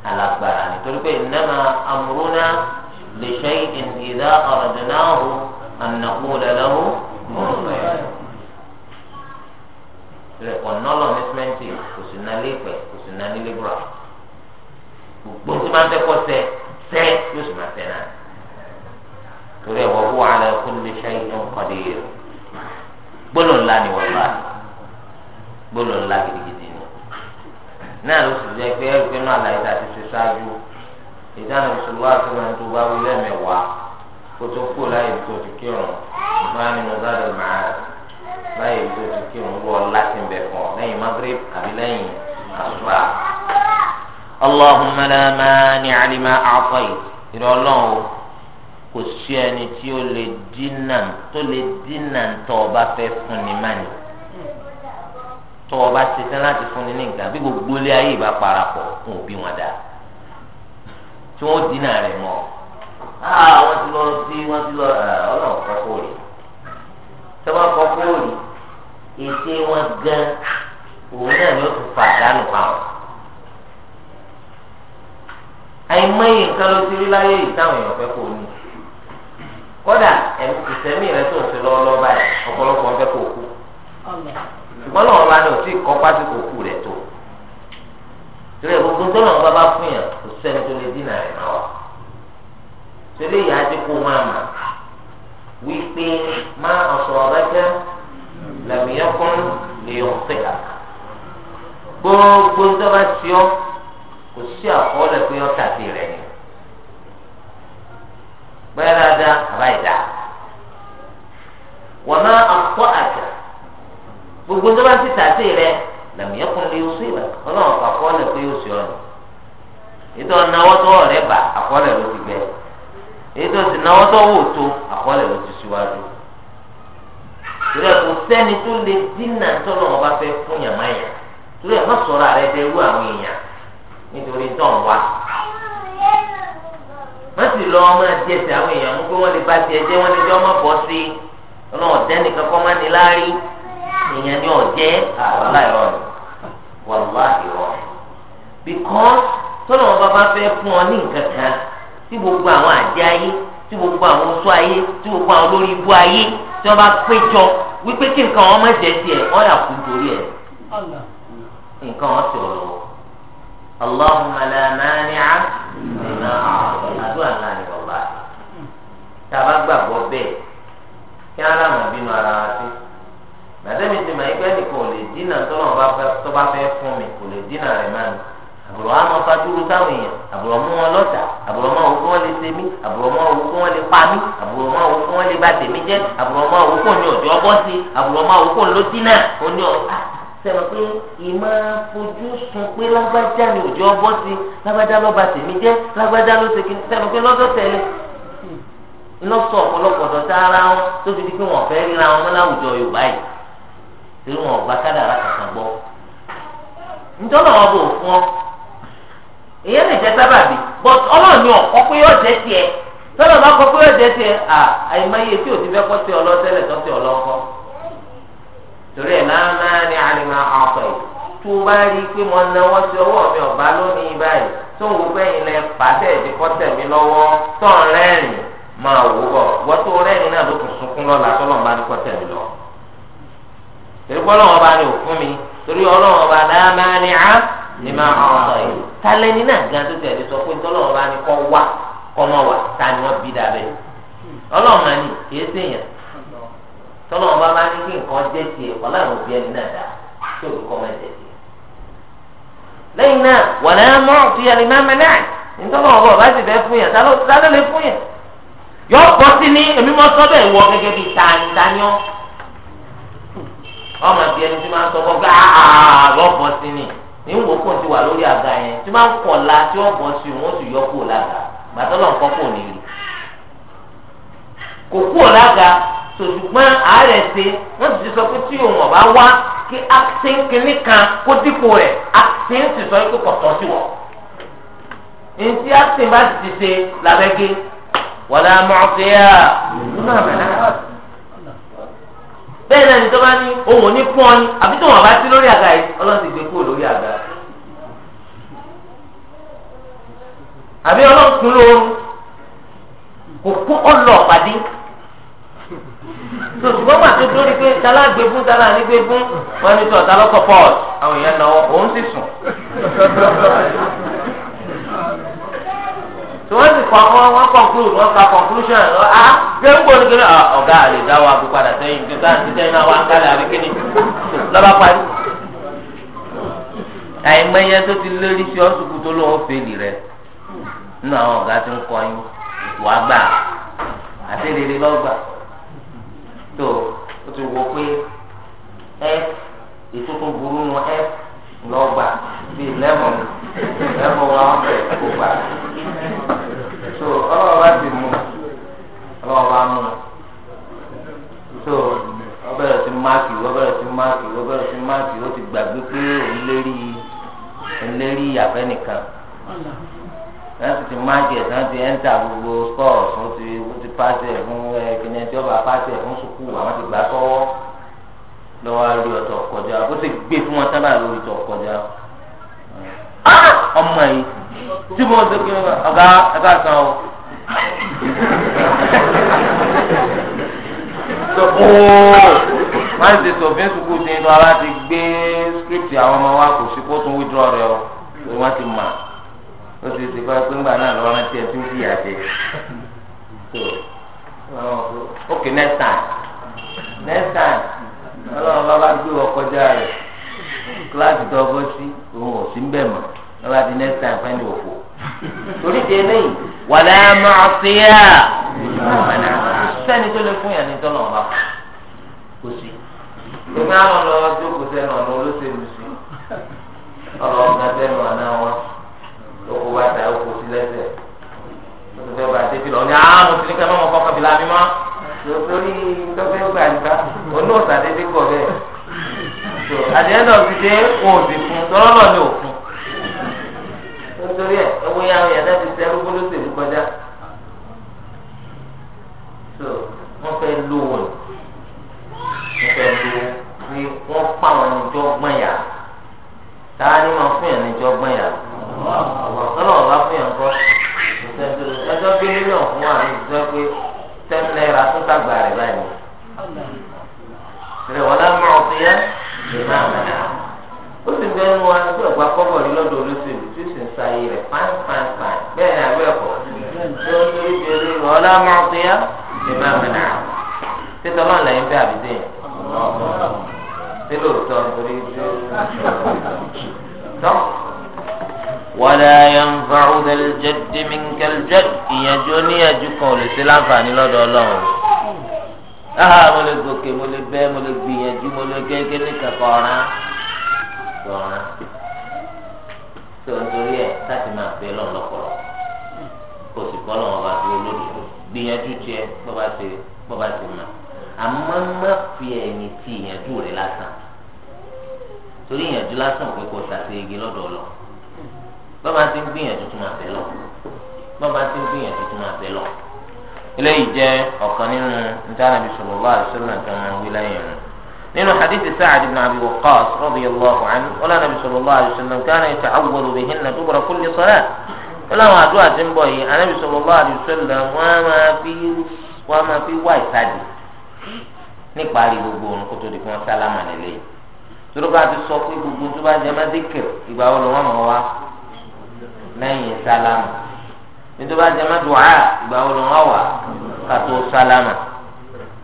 alágbára ni torí pé innama amruna li shay'in idha aradnahu an naqula lahu rẹ ọ̀nà ọlọ́ọ̀ni sìmẹ́ntì kò sì ná lé pẹ̀ kò sì ná nílé búra gbogbo tí máa ń fẹ́ sẹ́ẹ̀. ńlá ni wọ́n bá gbọ́dọ̀ ńlá gidigidi ni náà ló sì jẹ́ pé ẹrù pínú àlàyé tá a ti ṣe ṣáájú ìdáná ìṣòwò àti wọn tó bá wí lẹ́mẹ̀wàá kó tó kú láyé tó ti kírun máa ní mo gbádùn máa láyé tó ti kírun wọ láti ń bẹ̀ fún ọ lẹ́yìn magreb àbí lẹ́yìn àṣùbà. Allahumma la mani alima a'tayt ìrọ̀lọ́wọ́ kò sí ẹni tí ó lè dínà tó lè dínà tó ọba fẹ́ fún ni mání tó ọba ti tán láti fún ni ní nǹkan bí gbogbo ilé ayé ìbá parapọ̀ fún òbí wọn dá tí wọ́n dínà rẹ̀ mọ́ wọ́n ti lọ sí wọ́n ti lọ ọlọ́run kọ́ kóòrè tí wọ́n kọ́ kóòrè ètè wọn gan òun náà ló ti pàdánù pàwọn àìmọye nǹkan ló ti rí láyé ìtàwọn èèyàn fẹ́ kó o ní kódà ìsẹ̀mí rẹ tó ń ṣe lọ́wọ́lọ́wọ́ báyìí ọ̀pọ̀lọpọ̀ ń fẹ́ kó kú ṣùgbọ́n lọ́wọ́ bá ní òtí kọ́ pásítọ̀ kú rẹ̀ tó tẹ̀lé gbogbo tó lọ́wọ́ bá fún yàn kò sẹ́ni tó lè dínà rẹ̀ náà wà tẹ̀lé ìyá ti kó wọn àmà wípé má ọ̀sọ̀ ọ̀rẹ́kẹ́ lẹ́mìíyẹ́kùn lè yọ̀ fẹ́ àkà gbogbo tó bá ti ọ kò sí àkọọ́lẹ̀ pé ọ bóyá dáadáa àbá ìdá wọ́n máa àkọ́ àjà gbogbo tó bá ń títà rẹ làmì ẹkùn lè oṣù ìwà ọlọ́run kà fọ́ ọ̀nà ètò àkọọ́lẹ̀ ló ti gbẹ ètò ìsìnàwọ́ wò tó àkọọ́lẹ̀ ló ti síwájú kò sẹ́ni tó wọ́n sì lọ ọmọ ẹ̀jẹ̀sẹ̀ àwọn èèyàn mú pé wọ́n lè bá tiẹ̀ jẹ́ wọ́n lè jẹ́ ọmọ bọ́ sí i ọlọ́run ọ̀dẹ́ nìkan kọ́ máa ní láárí èèyàn ni ọ̀jẹ́ àwọn ah, àìrọ̀ ni wàlúwà ìrọ̀ because tọ́lọ̀ wọn bá bá fẹ́ fún ọ ní nǹkan kan tí gbogbo àwọn àjẹ́ ayé tí gbogbo àwọn oṣù ayé tí gbogbo àwọn olórí ibú ayé tí wọ́n bá péjọ wípé kí nǹkan wọn má jẹ tiẹ̀ wọ́n yà kú torí ẹ̀ nǹkan wọn sì Allahumma la mani'a náà àdúrà náà ni wọ́n bá tá a bá gbàgbọ́ bẹ́ẹ̀ kí á lámà bínú ara wa sí màdẹ́mi ti mà ẹgbẹ́ nìkan ò lè dínà tó bá fẹ́ fún mi kò lè dínà rẹ̀ máa mi àbùrọ̀ wa máa fa dúró sáwọn èèyàn àbùrọ̀ mú wọn lọ́tà àbùrọ̀ máa wò kí wọ́n lè ṣe mí àbùrọ̀ máa wò kí wọ́n lè pa mí àbùrọ̀ máa wò kí wọ́n lè bà tèmi jẹ́ àbùrọ̀ máa wò kí òun ní ọ̀dọ́ bọ́ àbùrọ̀ máa wò kí òun ló dínà òun ní ọ̀tá ah, sẹ́wọ̀n pé ìmọ̀ fojú sun pé lágbájá ni òjò ọbọ̀ sí lágbájá ló ba tèmi jẹ́ lágbájá ló segin sẹ́wọ̀n pé lọ́dọ̀ tẹ̀lé lọ́sọ̀ ọ̀pọ̀lọpọ̀ dọ̀tá ara wọn tó fi di pé wọ́n fẹ́ ríra wọn láwùjọ Yorùbá yìí tí wọ́n gba kádàrá kankan gbọ́. nítorí àwọn bò fún ọ èyí lè jẹ sábàbí but Ọlọ́run ni ọ̀kọ́ pé yóò tiẹ̀ bá kọ́ torí ẹ̀ máa ní àlìmọ̀ ọ̀pẹ̀ tó bá rí i pé mo náwó sí ọwọ́ mi ọ̀bá lónìí báyìí tó ń wo bẹ́yìn lẹ pàdé ẹ̀dí kọ́tẹ̀ mi lọ́wọ́ tó ń rẹ́rìn máa wò bọ̀ wọ́n tó rẹ́rìn náà ló tún sunkún lọ́la tọ́lọ́ bá ní kọ́tẹ̀ mi lọ. torí ọlọ́run ọba ni ò mi torí ọlọ́run ọba náà máa ní á ní máa ọ̀sán yìí. tálẹ́ni náà gan tó tẹ̀lé sọ pé tọ́lọ́run ọba ni kọ́ wà kọ́ kan jẹ́ tiẹ̀ wà láwọn òbí ẹni náà dá tí òbí máa jẹ́ tiẹ̀. lẹ́yìn náà wà náà mọ́ ọ̀tí ẹni máa mẹ́lẹ́ àì nítorí ọ̀bọ̀ ọ̀bá sì fẹ́ fún yẹn tá lè fún yẹn. yọ bọ́ sí ní èmi mọ́ sọ́dọ̀ ìwọ gẹ́gẹ́ bíi tani ọmọ ìbí ẹni tí máa ń sọ àárọ̀ bọ́ sí ni ní wò kó ti wà lórí àga yẹn tí máa ń kọ̀la tí ó bọ́ sí sì yọ lága gbàtọ́ lọ́nkọ́ kò ní sòṣùgbọ́n àárẹ̀ ṣe wọ́n sì ti sọ pé tí òun ọba wá kí axin kìíní kan kó dípò rẹ̀ axin sì sọ pé kọ̀tọ̀ sí wọ̀. ntí bá ti ṣe làbẹ́gẹ́ wọ́n á mọ̀ ọ́fẹ́ yá. bẹ́ẹ̀ náà ni ní òun ò ní pọ́n ni àbí so ṣùgbọ́n wà tó pé tálá gbé fún tálá ní gbé fún wọn ní sọ tálọ́ kọ pọ́ọ̀t àwọn èèyàn náwó òun sì sùn. tí wọ́n sì kọ́ wọn wọ́n conclude wọ́n ka conclusion a ah, ṣé ń gbóni ah, ọ̀gá àlè dá wa padà sẹ́yìn ti náà wà ń kálẹ̀ àbí lọ́ba parí. tó ti lérí sí tó fèlì tó o ti wò pé f ètò tó burú nu f lọ́gbà bíi eleven eleven one hundred kò gbà so ọlọ́wọ́ bá ti mú ọlọ́wọ́ bá mú so ọbẹ̀rẹ̀ sí máàkì ọbẹ̀rẹ̀ sí máàkì ọbẹ̀rẹ̀ sí máàkì ó ti gbàgbé pé òun lérí òun lérí ìyàfẹ́ nìkan náà ti ti market náà ti ẹ́ńtà gbogbo stores wọ́n ti wọ́n ti pàṣẹ fún ẹ̀kíní ẹ̀tí ọba pàṣẹ fún sukùl àwọn ti gbà sọ́wọ́ lọ́wọ́ rí ọ̀tọ̀ kọjá ó ti gbé fún wọn sábà lórí ọ̀tọ̀ kọjá ah! ọmọ yìí tí mo ṣe kí ọ̀gá ẹ̀ka san o. wọ́n ti sòfin sukùl tí inú ara ti gbé script àwọn ọmọ wa kò sí kó tún withdraw rẹ o wọ́n ti mọ̀ ó ti ti kọ́ pé náà lọ́wọ́ rántí ẹ̀ tó ń ok next time next time ọlọ́run bá bá gbé wọ kọjá rẹ̀ kíláàsì tó ọgbọ́n sí òun ò sí ń bẹ̀ mọ́ lọ́wọ́ di next time fẹ́ ní òfò torí ti eléyìí wàlẹ́ máa fi yá sẹ́ni tó lè fún yàn ní tọ́lọ̀ ọba kò sí ìgbà wọn lọ jókòó sẹ́nu ọ̀nà olóṣèlú sí ọ̀rọ̀ ọ̀gá ọ̀nà wọn lọ́kọ̀ wá ta oko sí lẹ́sẹ̀ lọ́kọ̀ fẹ́ bá dé bílọ̀ ní àwọn ah, mùsùlùmí kan mọ̀ fọkàn bílà mímọ́ lórí tọ́fẹ́ gbà nípa onú ọ̀sà dédé kọ̀ bẹ́ẹ̀ tó àdéhùn ti dé wọn ò sì fún tọ́lọ́lọ́ ni ò fún nítorí ẹ ẹwọ yẹn àwọn yàrá ti sẹ́rú gbólóṣèlú kọjá so wọ́n fẹ́ lówó wọ́n fẹ́ lówó pé wọ́n pa àwọn ẹni tó gbọ́n yàrá táwa ni máa fún yàn níjọ gbọ́n yà lọ́wọ́ bá fún yàn kọ́ ẹjọ́ gbé mílíọ̀nù fún wa ní ìjọ pé ten naira tó tàgbà rẹ̀ báyìí rẹ̀ wọ́n lámọ̀ ọ̀sìn yẹn lè má mẹ́ta ó sì bẹ́ẹ̀ nu wa tí ọ̀gbà kọ́bọ̀ rí lọ́dọ̀ olóṣèlú tí ó sì ń sa rẹ̀ fáin fáin fáin bẹ́ẹ̀ ni àgbẹ̀ ẹ̀kọ́ tí ó ní ìbéèrè lè má mẹ́ta ṣé lóòótọ́ nítorí tọ́. wala yanfa'u dhal jaddi minkal jaddi ìyànjú oníyànjú kan ò lè ṣe láǹfààní lọ́dọ̀ ọlọ́run aha mo lè gòkè mo lè bẹ mo lè gbìyànjú mo lè gẹ́gẹ́ ní kankan ọ̀ràn ọ̀ràn tó nítorí ẹ̀ láti máa bẹ lọ́n lọ́pọ̀lọ́ kò sì kọ́ lọ́wọ́ bá ti olódò gbìyànjú tiẹ̀ bọ́ bá ti bọ́ bá ti máa. àmọ́ má fi ẹ̀yìn ti ìyànjú rẹ̀ lásán torí ìyànjú lásán pé kò ṣàṣeyege lọ́dọ̀ lọ bàbá ti ń gbìyànjú tó máa fẹ́ lọ bàbá ti ń gbìyànjú tó máa fẹ́ lọ. eléyìí jẹ́ ọ̀kan nínú ntànàbí sallallahu alaihi wasallam kan máa ń wí lẹ́yìn rẹ̀ nínú hadithi Sa'ad na Abi Waqqas radiyallahu nípa àrí gbogbo òun kó tó di kí wọ́n sálámà nílé yìí tóró bá ti sọ pé gbogbo tó bá jẹ má dékìr ìgbà wo ló wọ́n mọ̀ wá lẹ́yìn sálámà nítorí bá jẹ má dùá ìgbà wo ló wọ́n wà ká tó sálámà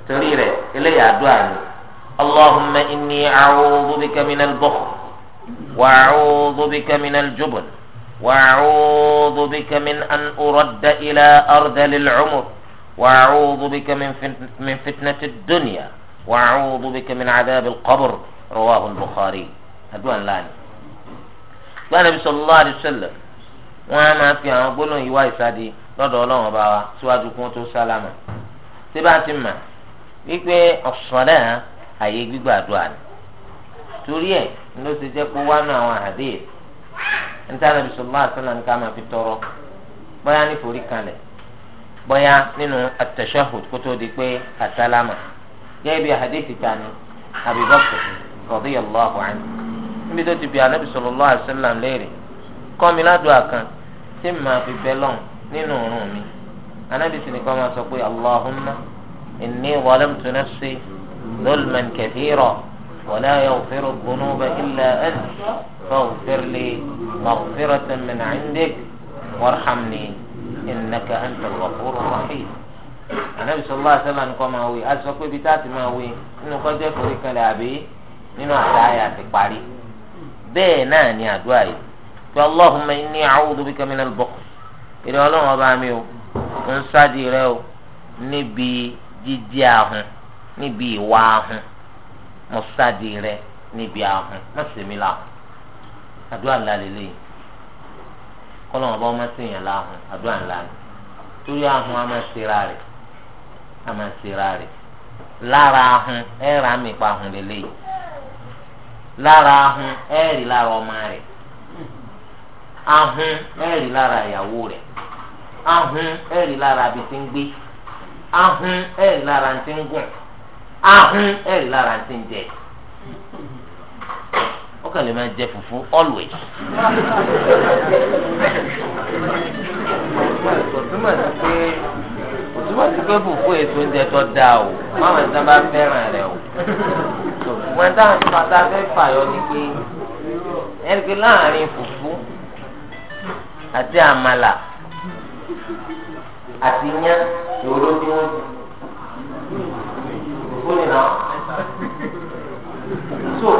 torí rẹ̀ eléyà àdúrà ni allahumma inni a'udhu bika min al wa a'udhu bika min al wa a'udhu bika min an uradda ila ardalil umr wa a'udhu bika min fitnati ad wa'udhu بك من عذاب القبر رواه البخاري bukhari àdúrà ńlá ni. gbọ́dọ̀ bí sallallahu alaihi wasallam wọ́n á máa fi àwọn gbólóhùn yìí wá ìsádi lọ́dọ̀ ọlọ́run ọba wa síwájú kí wọ́n tó sálámà tí bá ti mà wípé ọ̀sọ̀rẹ́ àyè gbígbàdúrà ni torí ẹ̀ ló ti jẹ́ pé wánú àwọn àdéhìí nítorí bisalòlá àtúnlá ní ká máa fi tọrọ bóyá ní forí kalẹ̀ bóyá nínú at kó tó di pé àsálámà. جاي بيها حديث تاني أبي بكر رضي الله عنه مدة تبيع النبي صلى الله عليه وسلم ليري قام لا دعاء كان ثم في بلون نينورومي أنا بس كما أسوي اللهم إني ظلمت نفسي ظلما كثيرا ولا يغفر الذنوب إلا أنت فاغفر لي مغفرة من عندك وارحمني إنك أنت الغفور الرحيم ànábì sallallahu alaihi wasallam nìkan máa wí aṣọ pé ibi tá a ti máa wí nínú kọjá ìkórè kanlẹ̀ àbí nínú àtàyà ti parí bẹ́ẹ̀ náà ni àdúrà yìí pé Allahumma inni a'udhu bika minal bukhl ìrẹ́ ọlọ́run ọba mi o ń sáàdì rẹ o níbi jíjí ahun níbi ìwà ahun mo sáàdì rẹ níbi ahun má ṣe mí láhùn àdúrà ńlá lélẹ́yìn kọ́lọ́run ọba ọmọ sí yẹn láhùn àdúrà ńlá torí ahun a máa ṣe ra rẹ̀. a máa ṣera rẹ̀ lára ahun ẹ̀ rà mí pa ahun lélẹ̀ lára ahun ẹ̀ rí lára ọmọ rẹ̀ ahun ẹ̀ rí lára ìyàwó rẹ̀ ahun ẹ̀ rí lára ibi tí ń gbé ahun ẹ̀ rí lára ti ń gùn ahun ẹ̀ rí lára ti ń jẹ ó kàn lè máa jẹ fùfú always túmọ̀ sí pé ìwọ ti pé fùfú ètò oúnjẹ tó dáa o máwọn ìtàn bá fẹ́ràn rẹ o wọn táwọn ti pàtà fẹ́ fàyọ ni pé ẹni pé láàrin fùfú àti àmàlà àti yán ìwòrò tí wọn fùfú nìyà so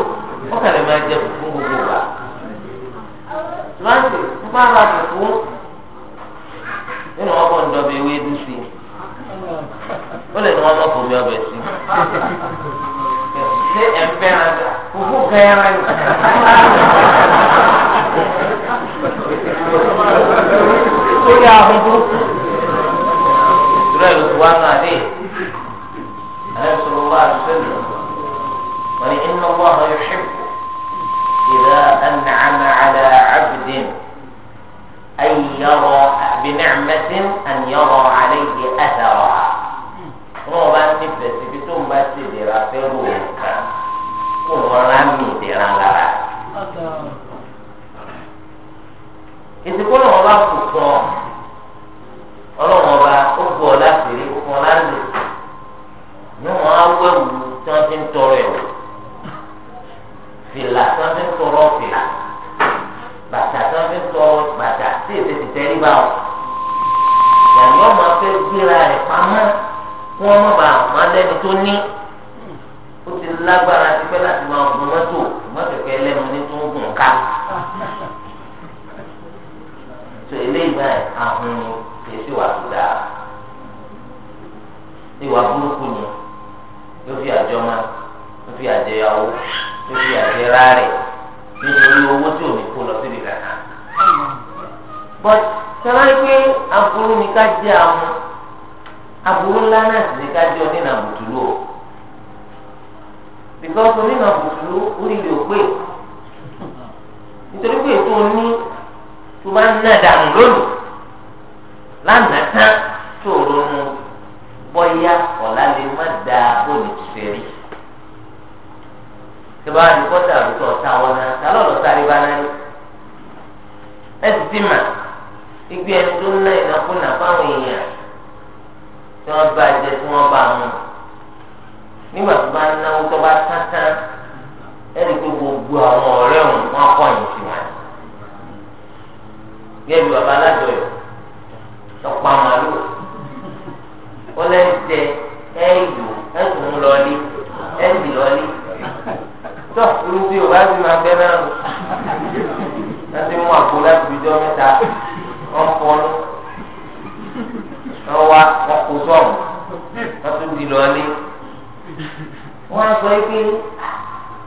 ó kàlẹ́ máa jẹ fùfú gbogbo wa láti ń bá ra fùfú nínú ọkọ̀ ń dọ̀bẹ̀ ewé dùn sí i. bí ọbẹ̀ sí. ṣé ẹ fẹ́ràn fúfú kẹ́rẹ́ ni. sórí ahun burúkú. ìṣúra ìlú ti wá náà dé. alẹ́ sọ̀rọ̀ wá àdúgbò wọ́n ní iná wọ́n àwọn yóò ṣe. إذا أنعم على عبد أن يرى بنعمة أن يرى kó rọra mi ìdẹ̀ra lára. ìsìnkú náà wọn bá kù sọ ọlọ́wọ́n ọba ó bu ọ láti rí fún ọ láti ní wọn á wẹ̀wù tí wọ́n ti ń tọrọ ẹ̀wọ̀ fìlà tí wọ́n ti ń tọrọ fìlà bàtà tí wọ́n ti ń tọrọ bàtà tí èsì ti tẹ́rí bá wọn. ìyàní ọmọ fẹ́ gbéra rẹ̀ pamọ́ kí wọ́n má bàa má tó ní ó ti lágbára ìwà burúkú ni yóò fi àjọ ma yóò fi àjẹyàwó yóò fi àjẹrà rẹ nítorí owó tí ò ní kó lọ síbi kàkà. but sábà pé aburú ni ká jẹ àwọn aburú ńlá náà sì ni ká jẹ onínà bùtùlù o because onínà bùtùlù orí rẹ ò pé nítorí pé ètò oní tó bá ń nà dànù lónìí lánàá tán tó ronú bọ́yá ọ̀la lè má da bóòlù tìfẹ́ rí. tí bá ní kọ́tà àbúkọ́ ọ̀tá wọn náà ta lọ́lọ́ sáré bá náà rí. ẹ ti ti mà igbe ẹni tó ná ìnákúnà fáwọn èèyàn tí wọ́n bá jẹ tí wọ́n bá mú. nígbà tó bá náwó tó bá tátá ẹni tó gbogbo àwọn ọ̀rẹ́ òun wọn kọ́ ẹ̀yìn sí wọn. gẹ́gẹ́ bí baba alájọyọ̀ tọ́pọ̀ àmàlú wọ́n lẹ́ ń jẹ ẹ̀yù ẹ̀sùn lọ́ọ̀lì ẹ̀sì lọ́ọ̀lì tó irú bí o bá ti máa bẹ́ náà wọ́n ti mú àgbo láti fi jọ mẹ́ta wọ́n fọ́nú wọ́n wá wọ́n kó sọ́ọ̀mù wọ́n tún di lọ́ọ̀lì wọ́n á sọ pé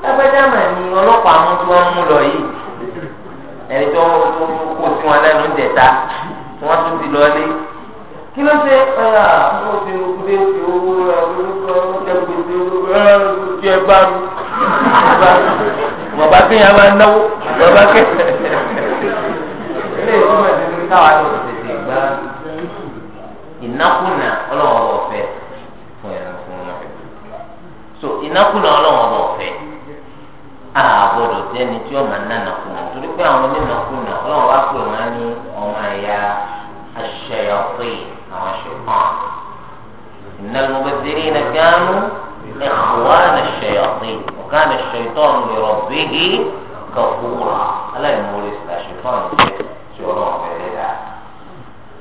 lágbájá mà ní ọlọ́pàá mú tí wọ́n mú lọ yìí ẹni tó kó sí wọn lẹ́nu jẹ̀ta wọ́n tún di lọ́ọ̀lì kí ló ṣe ẹ̀yà mo ti mo ti fi owó ẹ̀ olórúkọ jẹ́gbèsè olórúkọ ẹ̀ ti ẹ̀ bá mi. bàbá kéèyàn máa ń náwó bàbá kéèyàn. ilé ìtumọ̀ ìdílé káwa ló ti tètè gbá ìnákùnà ọlọ́wọ́ bọ̀ fún ẹ̀rọ fún wọn. so ìnákùnà ọlọ́wọ́ bọ̀ fẹ́ àbọ̀dọ̀ jẹ́ni tí ọmọ nánàkùnà torí pé àwọn onínàkùnà ọlọ́wọ́ bá pè wọ́n ní ọmọ ẹ̀yà aṣẹ́yọ̀pẹ́ yìí. إن المبذرين كانوا إخوان الشياطين وكان الشيطان لربه كفورا ألا يمول الشيطان شورا بلدا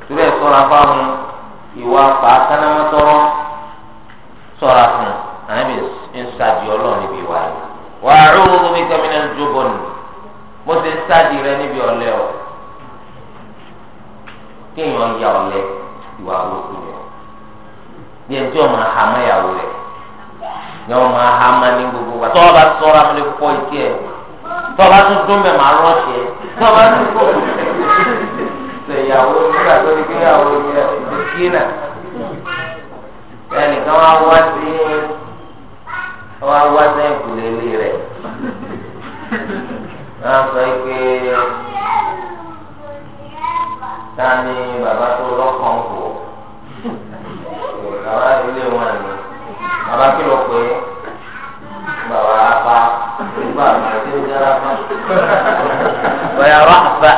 ترى صورة فاهم يوافق كان ما ترى صورة فاهم أنا بنساجي الله نبي وعي وأعوذ بك من الجبن مسنساجي رنبي الله kéèyàn ya ọ̀lẹ ìwà olókùn bí ẹni tí wọn máa hàmọ́ ìyàwó rẹ̀ ni wọn máa hàmọ́ ní gbogbo wa tọ́wọ́ bá tọ́ra mi lè kọ́ ìdí ẹ̀ tọ́wọ́ bá tún dún mẹ́ màá rọ́ọ̀ṣẹ́ tọ́wọ́ bá tún kọ́ ṣe ìyàwó nígbà tó ní kíyàwó ní ẹ̀sìnkínà ẹnìkan wá wá sí wá wá sẹ́yìn kùlé ilé rẹ̀ wọ́n sọ pé ta ni bàbá tó lọ́kàn kù bàbá ilé wọn àná bàbá kí ló pé bàbá apá nígbà tí ó jẹ́ rafa. bóyá rafa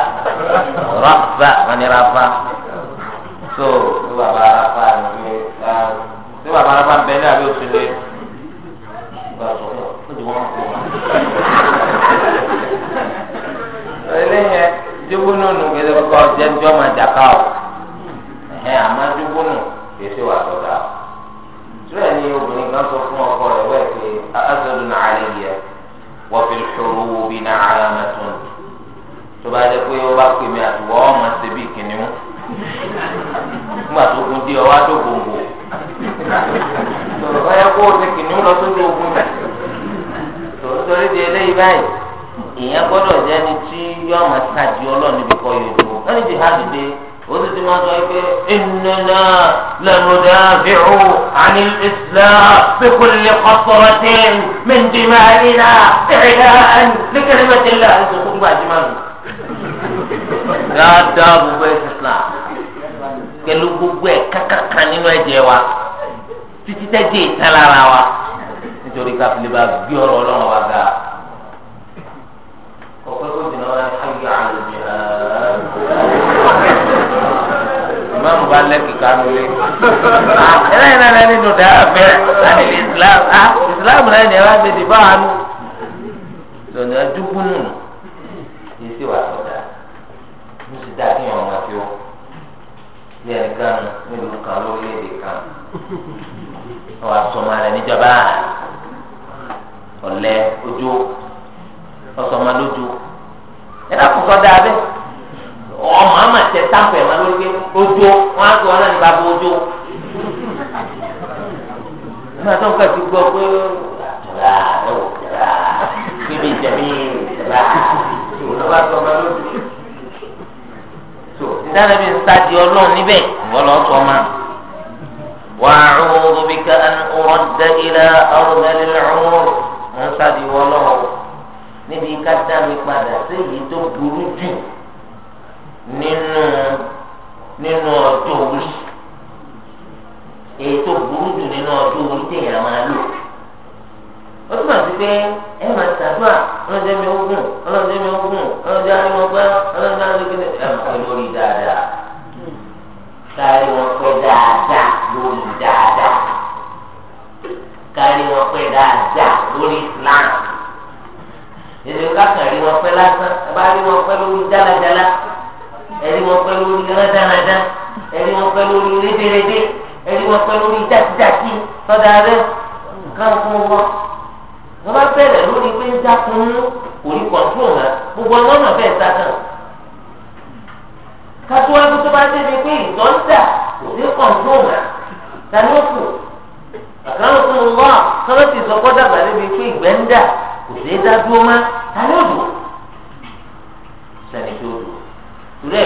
rafa wọn ni rafa so bàbá rafa ni ṣé bàbá rafa bẹ́ẹ̀ ní àbí òṣèlú ìgbà sọ̀rọ̀ ó ti wọ́n kó wọn. eléyẹn dúró nínú gbèdéke ọjọ́ ìjọba ìjàkà ọ̀. ẹ àmọ́dúgbónù kèsì wà sọ̀dà síbẹ̀ ni obìnrin kan sọ fún ọkọ rẹ̀ wẹ́ẹ̀ pé azọ́dù wọ́n fi ṣòro wo bí ara tó bá jẹ́ pé ó bá pè mí àtúwọ́ ọmọ ṣe bí nígbà tó kó o ti kìnìún lọ torí di eléyìí báyìí ìyẹn jẹ́ ni tí yọ ọmọ ṣáàjì ọlọ́ọ̀ni yóò wọ́n ní وزيد ما ذلك إننا لندافع عن الإسلام بكل قطرة من دمائنا إعلاء لكلمة الله أنت تقوم بأجمال لا دابوا بيت الإسلام pẹ̀lú gbogbo ẹ̀ kákàkà nínú ẹ̀jẹ̀ wa títí tẹ́jẹ̀ ìtàn lára wa nítorí káfílẹ̀ bá gbé ọ̀rọ̀ ọlọ́run wa ga. ọ̀pẹ́ kò jìnnà wọn á ṣe àlùjẹ́ ààrẹ ìmáàmù bá lẹ́kì kánú lé. ẹlẹ́yìn náà lẹ́ni nù dáa fẹ́ láti lè islam ah islam náà ni ẹ wá ṣe ti bá wa nù. lọ́nà dúkú nù yìí sì wà sọ̀dá mo sì dá kíyàn ọmọ fi ó bí ẹnìkan nílùú kan lórílẹ̀‐èdè kan wọ́n asọ̀mọ́ rẹ̀ níjọba ọ̀lẹ́ ojú ọ̀sọ̀mọ́ lójú ẹ̀dá kò sọ́dá bẹ́ẹ̀ ọmọ àmà tẹ sáfù ẹ̀ máa ló gbé ojú wọn á sọ ọ́nà nípa bó ojú. nígbà tó ń kà sí gbọ́ pé ra ẹ̀wọ̀ ra bíbí ìjẹ̀mí ra ìwọlọ́ba sọ ọmọ lójú. ìdáná mi ń sáàdì ọlọ́run níbẹ̀ ìwọlọ́ sọ ọmọ. وأعوذ بك أن أرد إلى أرذل العمر من سادي ولو نبي كتامي ماذا سيدي تبرجي nínú nínú ọjọ́ orí èyí tó burú jù nínú ọjọ́ orí téèyàn máa lò ó túmọ̀ sí pé ẹ máa ṣàdúrà ọlọ́jẹ́ mi ó gùn ọlọ́jẹ́ mi ó gùn ọlọ́jẹ́ mi ó pẹ́ ọlọ́jẹ́ mi ó gùn ẹ̀ máa pẹ́ lórí dáadáa kárí wọn pẹ́ dáadáa lórí dáadáa kárí wọn pẹ́ dáadáa lórí Islam èdè kákan rí wọn pẹ́ lásán ẹ bá rí wọn pẹ́ lórí dáadáa ẹ̀rí wọn pẹ́ lórí rádaràdá ẹ̀rí wọn pẹ́ lórí rédèrèdè ẹ̀rí wọn pẹ́ lórí dákídákí tọ́da rẹ káwọn fún wọn. wọ́n bá bẹ̀rẹ̀ lórí pé ń dákun mú kò ní kọ̀ọ̀tún rẹ gbogbo ọmọ náà fẹ́ẹ́ sákàn. kátówájú tó bá débi pé ìtọ́jà kò ní kọ̀ọ̀tún rẹ tani ó kù àkàrà fún wọn sọ́wọ́sì sọ́kọ́ dàgbà débi pé ìgbẹ́ ń dà kò sí dá dúró má tani dùn sani tó dùn ìrẹ́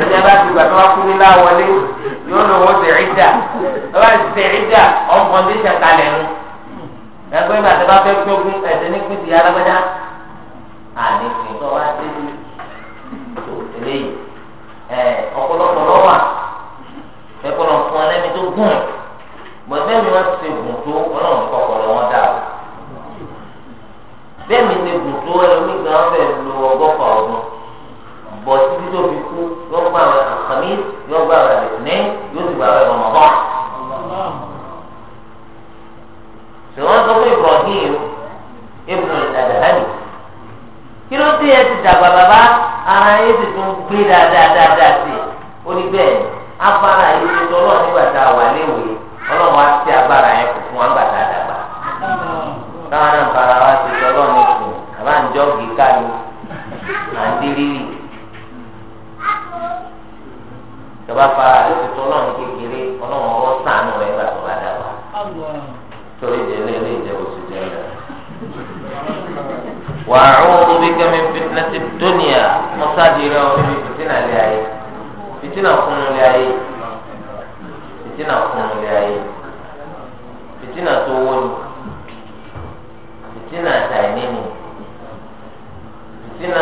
ìjọba bá ti gbà tó bá kú nílá wọlé yóò lò wọ́n ṣe ìdá tó bá ṣe ìdá ọ̀n kọ́ndíṣà kalẹ̀ nù ẹgbẹ́ ìgbà tó bá fẹ́ gbógun ẹ̀sẹ̀ ní pìtì alágbádá àní fi tó wá dé ní òtẹ́lẹ̀ yìí ẹ̀ ọ̀pọ̀lọpọ̀ lọ́wọ́ ẹ̀kọ́ lọ fún ẹlẹ́ni tó gùn bọ̀dẹ́ mi wọ́n ti gùn tó ọlọ́run kọ̀ọ̀kọ̀ lọ́wọ́ dà o bẹ́ẹ̀ mi ti gùn tó ẹlòmíì gan fẹ́ lo ọgọ́fà ọdún bọ̀ títí tó fi kú yóò gba àwọn àkàmí yóò gba àwọn àlẹ́sìnẹ́ yóò sì gba àwọn ọmọbọ. ṣùgbọ́n sọ fún Ibrahim ibn al-Adhani kí ló dé ẹ ti dàgbà bàbá ara yẹn ti tún gbé dáadáa dáadáa sí i ó ní bẹ́ẹ̀ afárá yìí ti tọ́ lọ́wọ́ nígbà tá a wà léwèé ọlọ́run á ti agbára yẹn kù fún wa nígbà tá a dàgbà. táwọn náà fara wa ti tọ́ lọ́wọ́ ní kù àbá ń jọ́ gíga ni à ń tọba fara rẹ ti tún ọlọ́run kékeré ọlọ́run ọwọ́ sànù rẹ nígbà tó bá dàgbà torí ìdílé ilé ìjẹun oṣù jẹun wà á rún bí kẹ́mi fitinasi dóníà mọ́sáàdì rẹ ọ níbi fitina lé ayé fitina kunu lé ayé fitina kunu lé ayé fitina tó wó ni fitina tàyé ni fitina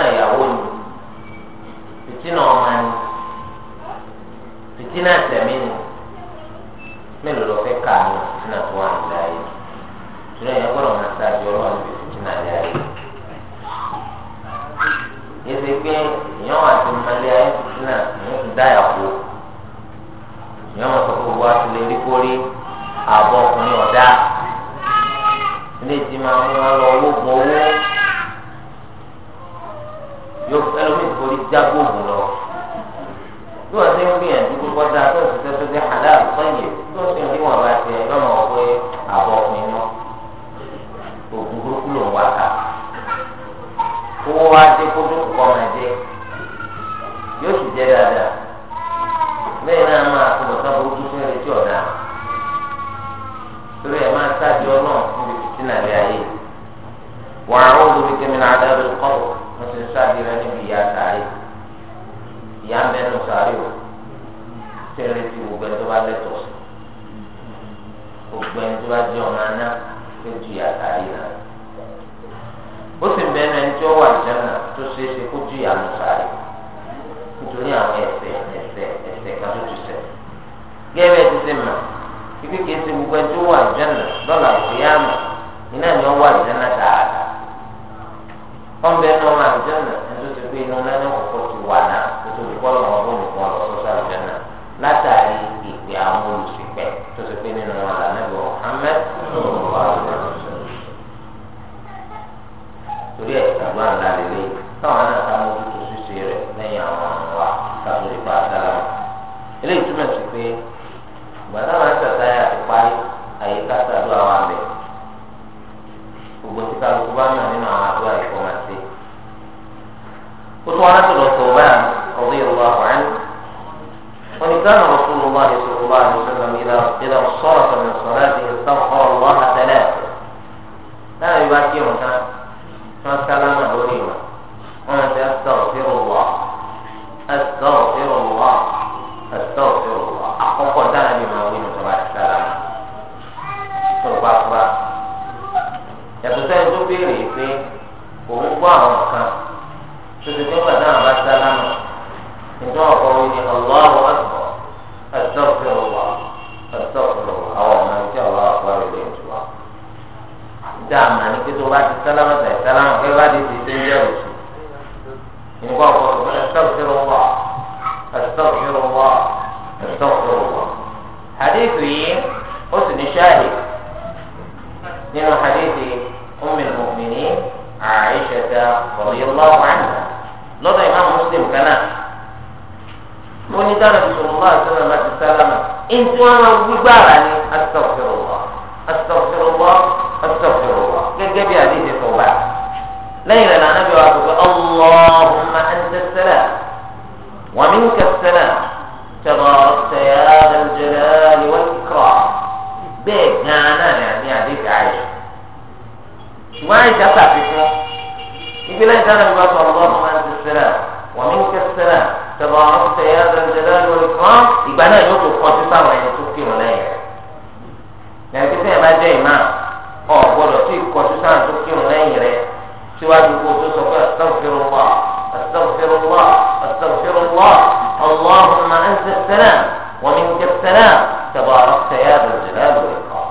السلام ومنك السلام تباركت يا ذا الجلال والإكرام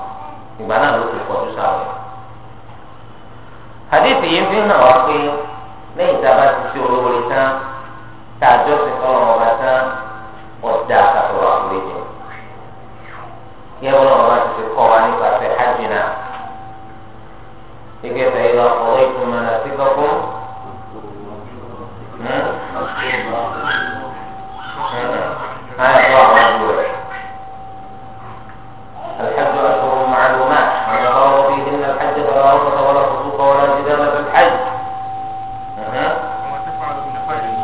يبقى أنا لو تقول شعري حديث يمكن نواقي أوقي ليس في علوم الإسلام تعجب قوم وبسان والدافع يا يقولون ما في القرآن ففي حجنا كيف إذا قضيتم مناسككم Mm-hmm. هذا هو الحج أشهر معلومات ومن فرض فيهن الحج فلا رفث ولا فسوق ولا جدال في الحج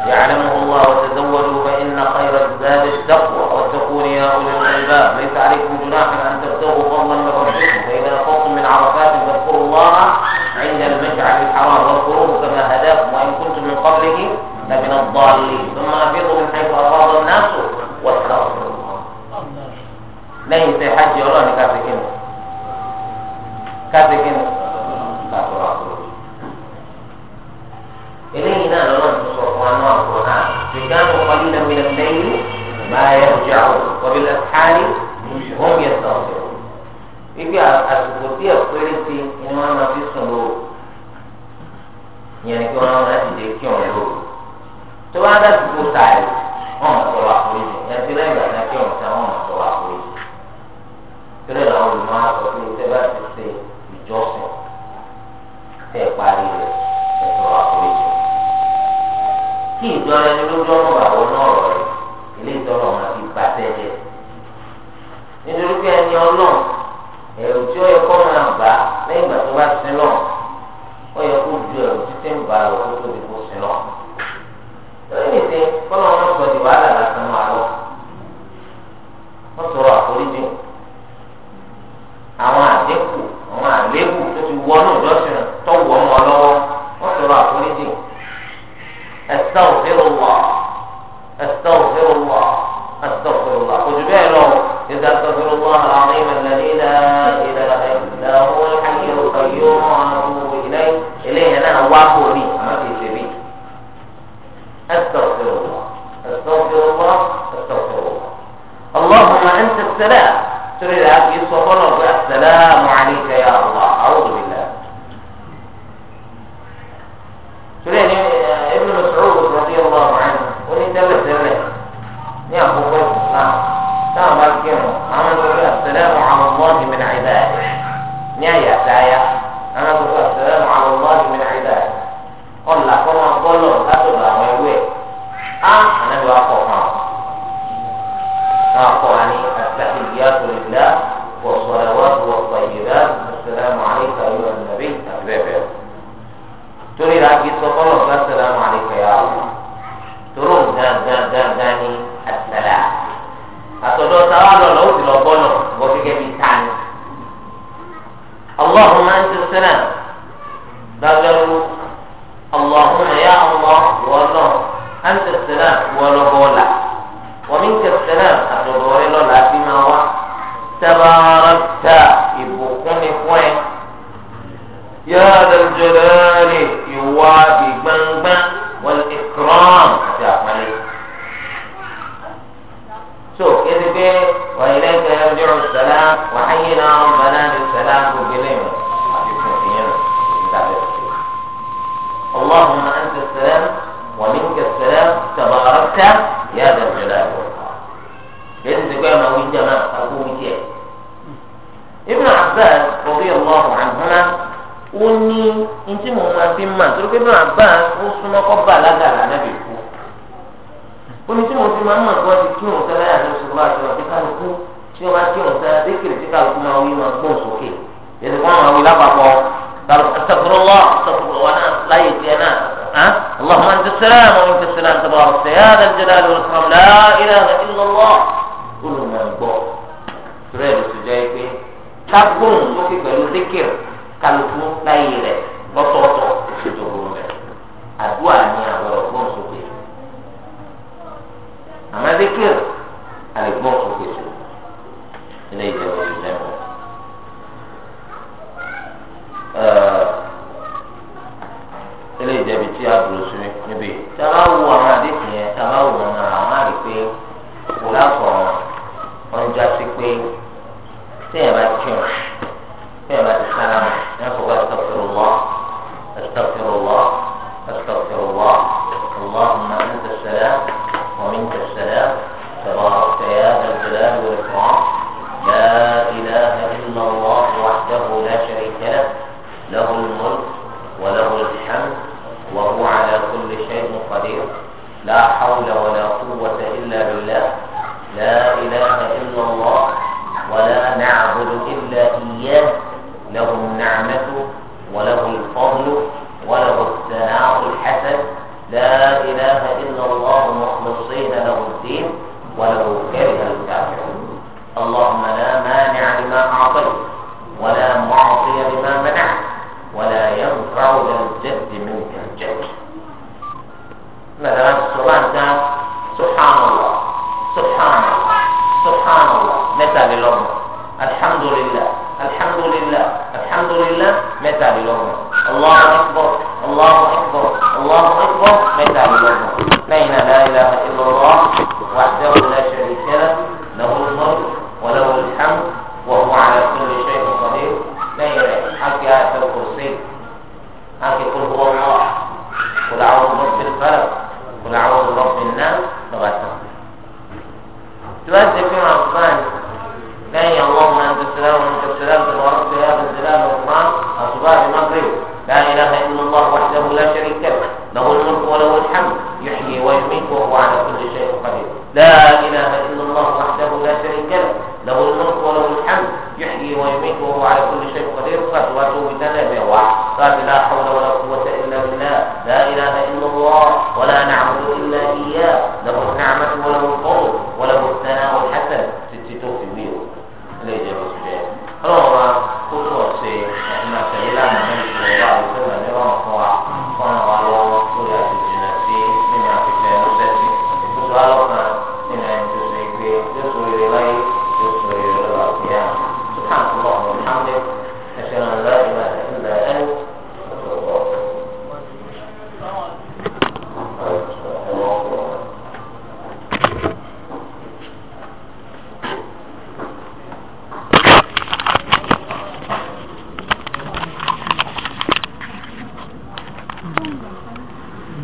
يعلمه الله وتزوجوا فإن خير الزاد التقوى واتقون يا أولي الألباب ليس عليكم جناح أن تبتغوا فضلا من ربكم فإذا فوتم من عرفات فاذكروا الله عند المشعر الحرام واذكروه كما هداكم وإن كنتم من قبله لمن الضالين bá dàdúgbò táyì wọn mọ̀ sọ̀rọ̀ àforíjì ẹtí lẹ́yìn ìgbà náà kí ọ̀rọ̀ tí wọn mọ̀ sọ̀rọ̀ àforíjì tẹ́lẹ̀ làwọn olùmọ̀ àtọ̀ pé tẹ́ bá ti ṣe ìjọsìn tẹ́ parí rẹ̀ ẹ̀ sọ̀rọ̀ àforíjì kí ìjọra ẹni lójú ọ̀rọ̀ àwọn náà rọ̀ rẹ̀ ilé ìtọ́nà wọn ti gbà tẹ́jẹ́ nítorí pé ẹni ọlọ́run ẹ̀rù tí ó yẹ kọ́ máa gbà lẹ́yìn ìgbà tó bá ti sin lọ́run